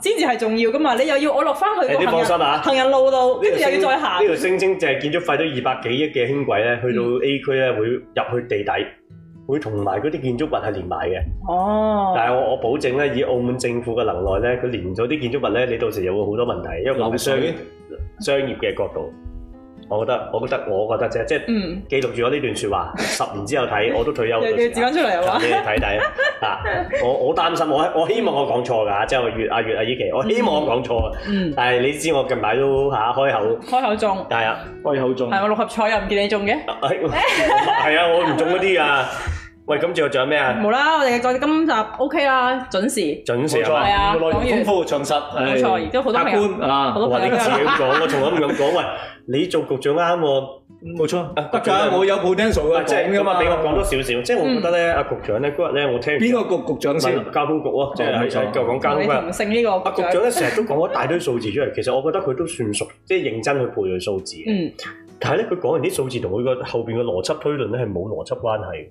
S1: 先至係重要噶嘛？你又要我落翻去個行人
S2: 行人路度，跟住又要再行。呢條聲稱就係建築費都二百幾億嘅輕軌咧，去到 A 區咧會入去地底，會同埋嗰啲建築物係連埋嘅。哦、嗯，但係我我保證咧，以澳門政府嘅能耐咧，佢連咗啲建築物咧，你到時有會好多問題，因為樓商商業嘅角度。我覺得，我覺得，我覺得啫，即係、嗯、記錄住我呢段説話， 十年之後睇，我都退休嘅時候，你你摺翻出嚟啊嘛？你睇睇啊！我我擔心，我我希望我講錯㗎，即係月啊月啊依期，我希望我講錯、嗯、啊。錯嗯。但係你知我近排都嚇開口，開口中，係啊，開口中，係我、啊啊、六合彩又唔見你中嘅，係 啊，我唔中嗰啲啊。 喂，咁仲有仲有咩啊？冇啦，
S1: 我哋再今集 O K 啦，準時。準時啊，冇錯，講完。功夫
S2: 盡失，冇錯，而家好多客觀，好多客觀咁講，我從來唔咁樣講，喂，你做局長啱喎，冇錯，得㗋，我有 potential 㗎，即係咁啊，俾我講多少少，即係我覺得咧，阿局長咧嗰日咧，我聽邊個局局長先？交通局啊，即係就講交通啊。你同勝呢個局長咧，成日都講咗大堆數字出嚟，其實我覺得佢都算熟，即係認真去背佢數字。嗯，但係咧，佢講完啲數字同佢個後邊嘅邏輯推論咧係冇邏輯關係。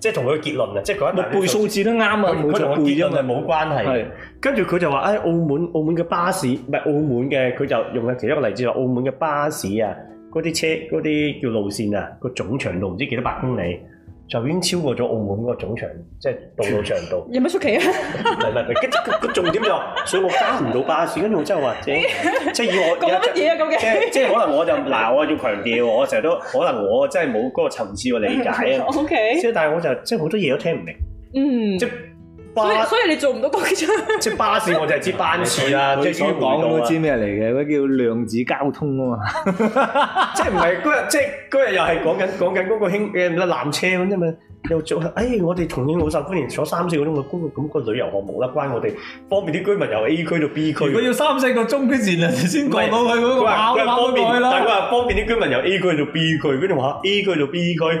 S2: 即係同佢嘅結論啊！即係佢一，背數字都啱啊，冇錯背啫，冇關係。跟住佢就話，誒、哎，澳門澳門嘅巴士，唔係澳門嘅，佢就用咗其中一個例子話：澳門嘅巴士啊，嗰啲車嗰啲叫路線啊，個總長度唔知幾多百公里。就已經超過咗澳門個總長，即係道路長度。有乜出奇啊？唔係唔係，跟住個重點就係，所以我加唔到巴士，跟住我真係話，即係要我。有乜嘢啊？咁嘅。即即係可能我就嗱，我要強調，我成日都可能我真係冇嗰個層次嘅理解啊。O K。所以但係我就即係好多嘢都聽唔明。嗯。即。所以你做唔到多幾場？即巴士我就知班次啦，即講都知咩嚟嘅？咩叫量子交通啊？ 嘛，即唔係嗰日，即嗰日又係講緊講緊嗰個輕嘅咩纜車咁啫嘛？又做，哎，我哋同樣老受歡迎坐三四個鐘嘅嗰個咁個旅遊項目啦，關我哋方便啲居民由 A 區到 B 區。佢要三四個鐘先至先過到佢嗰方便路過佢話方便啲居民由 A 區到 B 區，嗰啲話 A 區到 B 區。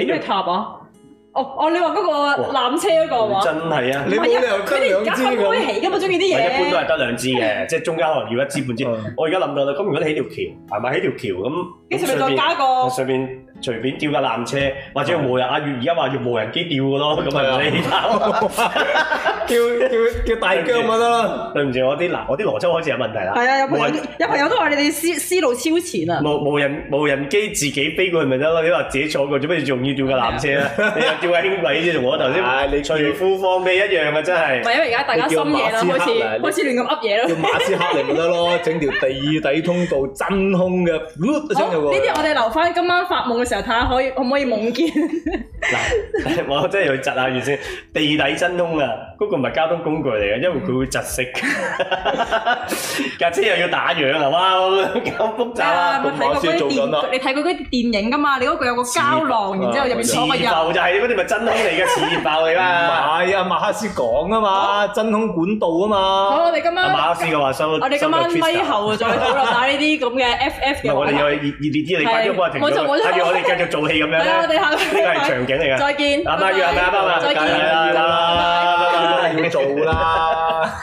S2: 起
S1: 咩塔啊？哦哦，你話嗰個纜車嗰、嗰個話？哇吧真係啊！你冇理由兩，得你而家開開起，咁咪中意啲嘢？一般都係
S2: 得兩支嘅， 即係中間可能要一支半支。 我而家諗到啦，咁如果你起條橋，係咪起條橋咁？跟住咪再加個上邊。隨便吊架纜車，或者無人阿月而家話用無人機吊個咯，咁啊唔使叫心。大疆咪得咯。對唔住我啲嗱，我啲邏輯開始有問題啦。係啊，有
S1: 朋友都話你哋思思路超
S2: 前啊。無無人無人機自己飛過去咪得咯，你話自己坐過，做咩仲要吊架纜車咧？你又叫個兄弟，啫，同我頭先你除褲放屁一樣嘅真係。唔係因為而家大家深夜啦，
S1: 開始好似亂咁噏嘢咯。叫馬
S2: 斯克嚟咪得咯，整條地底通道真空嘅。呢啲我哋留翻今晚
S1: 發夢嘅時候。睇下可以，可唔可以夢見
S2: 嗱， 我真係要掘下先，地底真空啊！嗰個唔係交通工具嚟嘅，因為佢會窒息，架車又要打氧啊嘛，咁複雜啊！我先做咁多。你
S1: 睇過佢啲電影㗎嘛？你嗰個有個膠囊，然之後入邊坐乜入？熱爆就係
S2: 嗰啲咪真空嚟嘅，熱爆嚟啦。唔係啊，馬克思講啊嘛，真空管道啊嘛。好，我哋今晚。馬克思嘅話收，我哋今晚微後再喺度打
S1: 呢啲咁嘅 FF。唔係，我哋又
S2: 熱熱烈啲嚟，快啲幫我停住。我哋繼續做戲咁樣。係啊，我哋下個。呢個係場景嚟嘅。再見。拜拜。再見。拜拜。要做啦。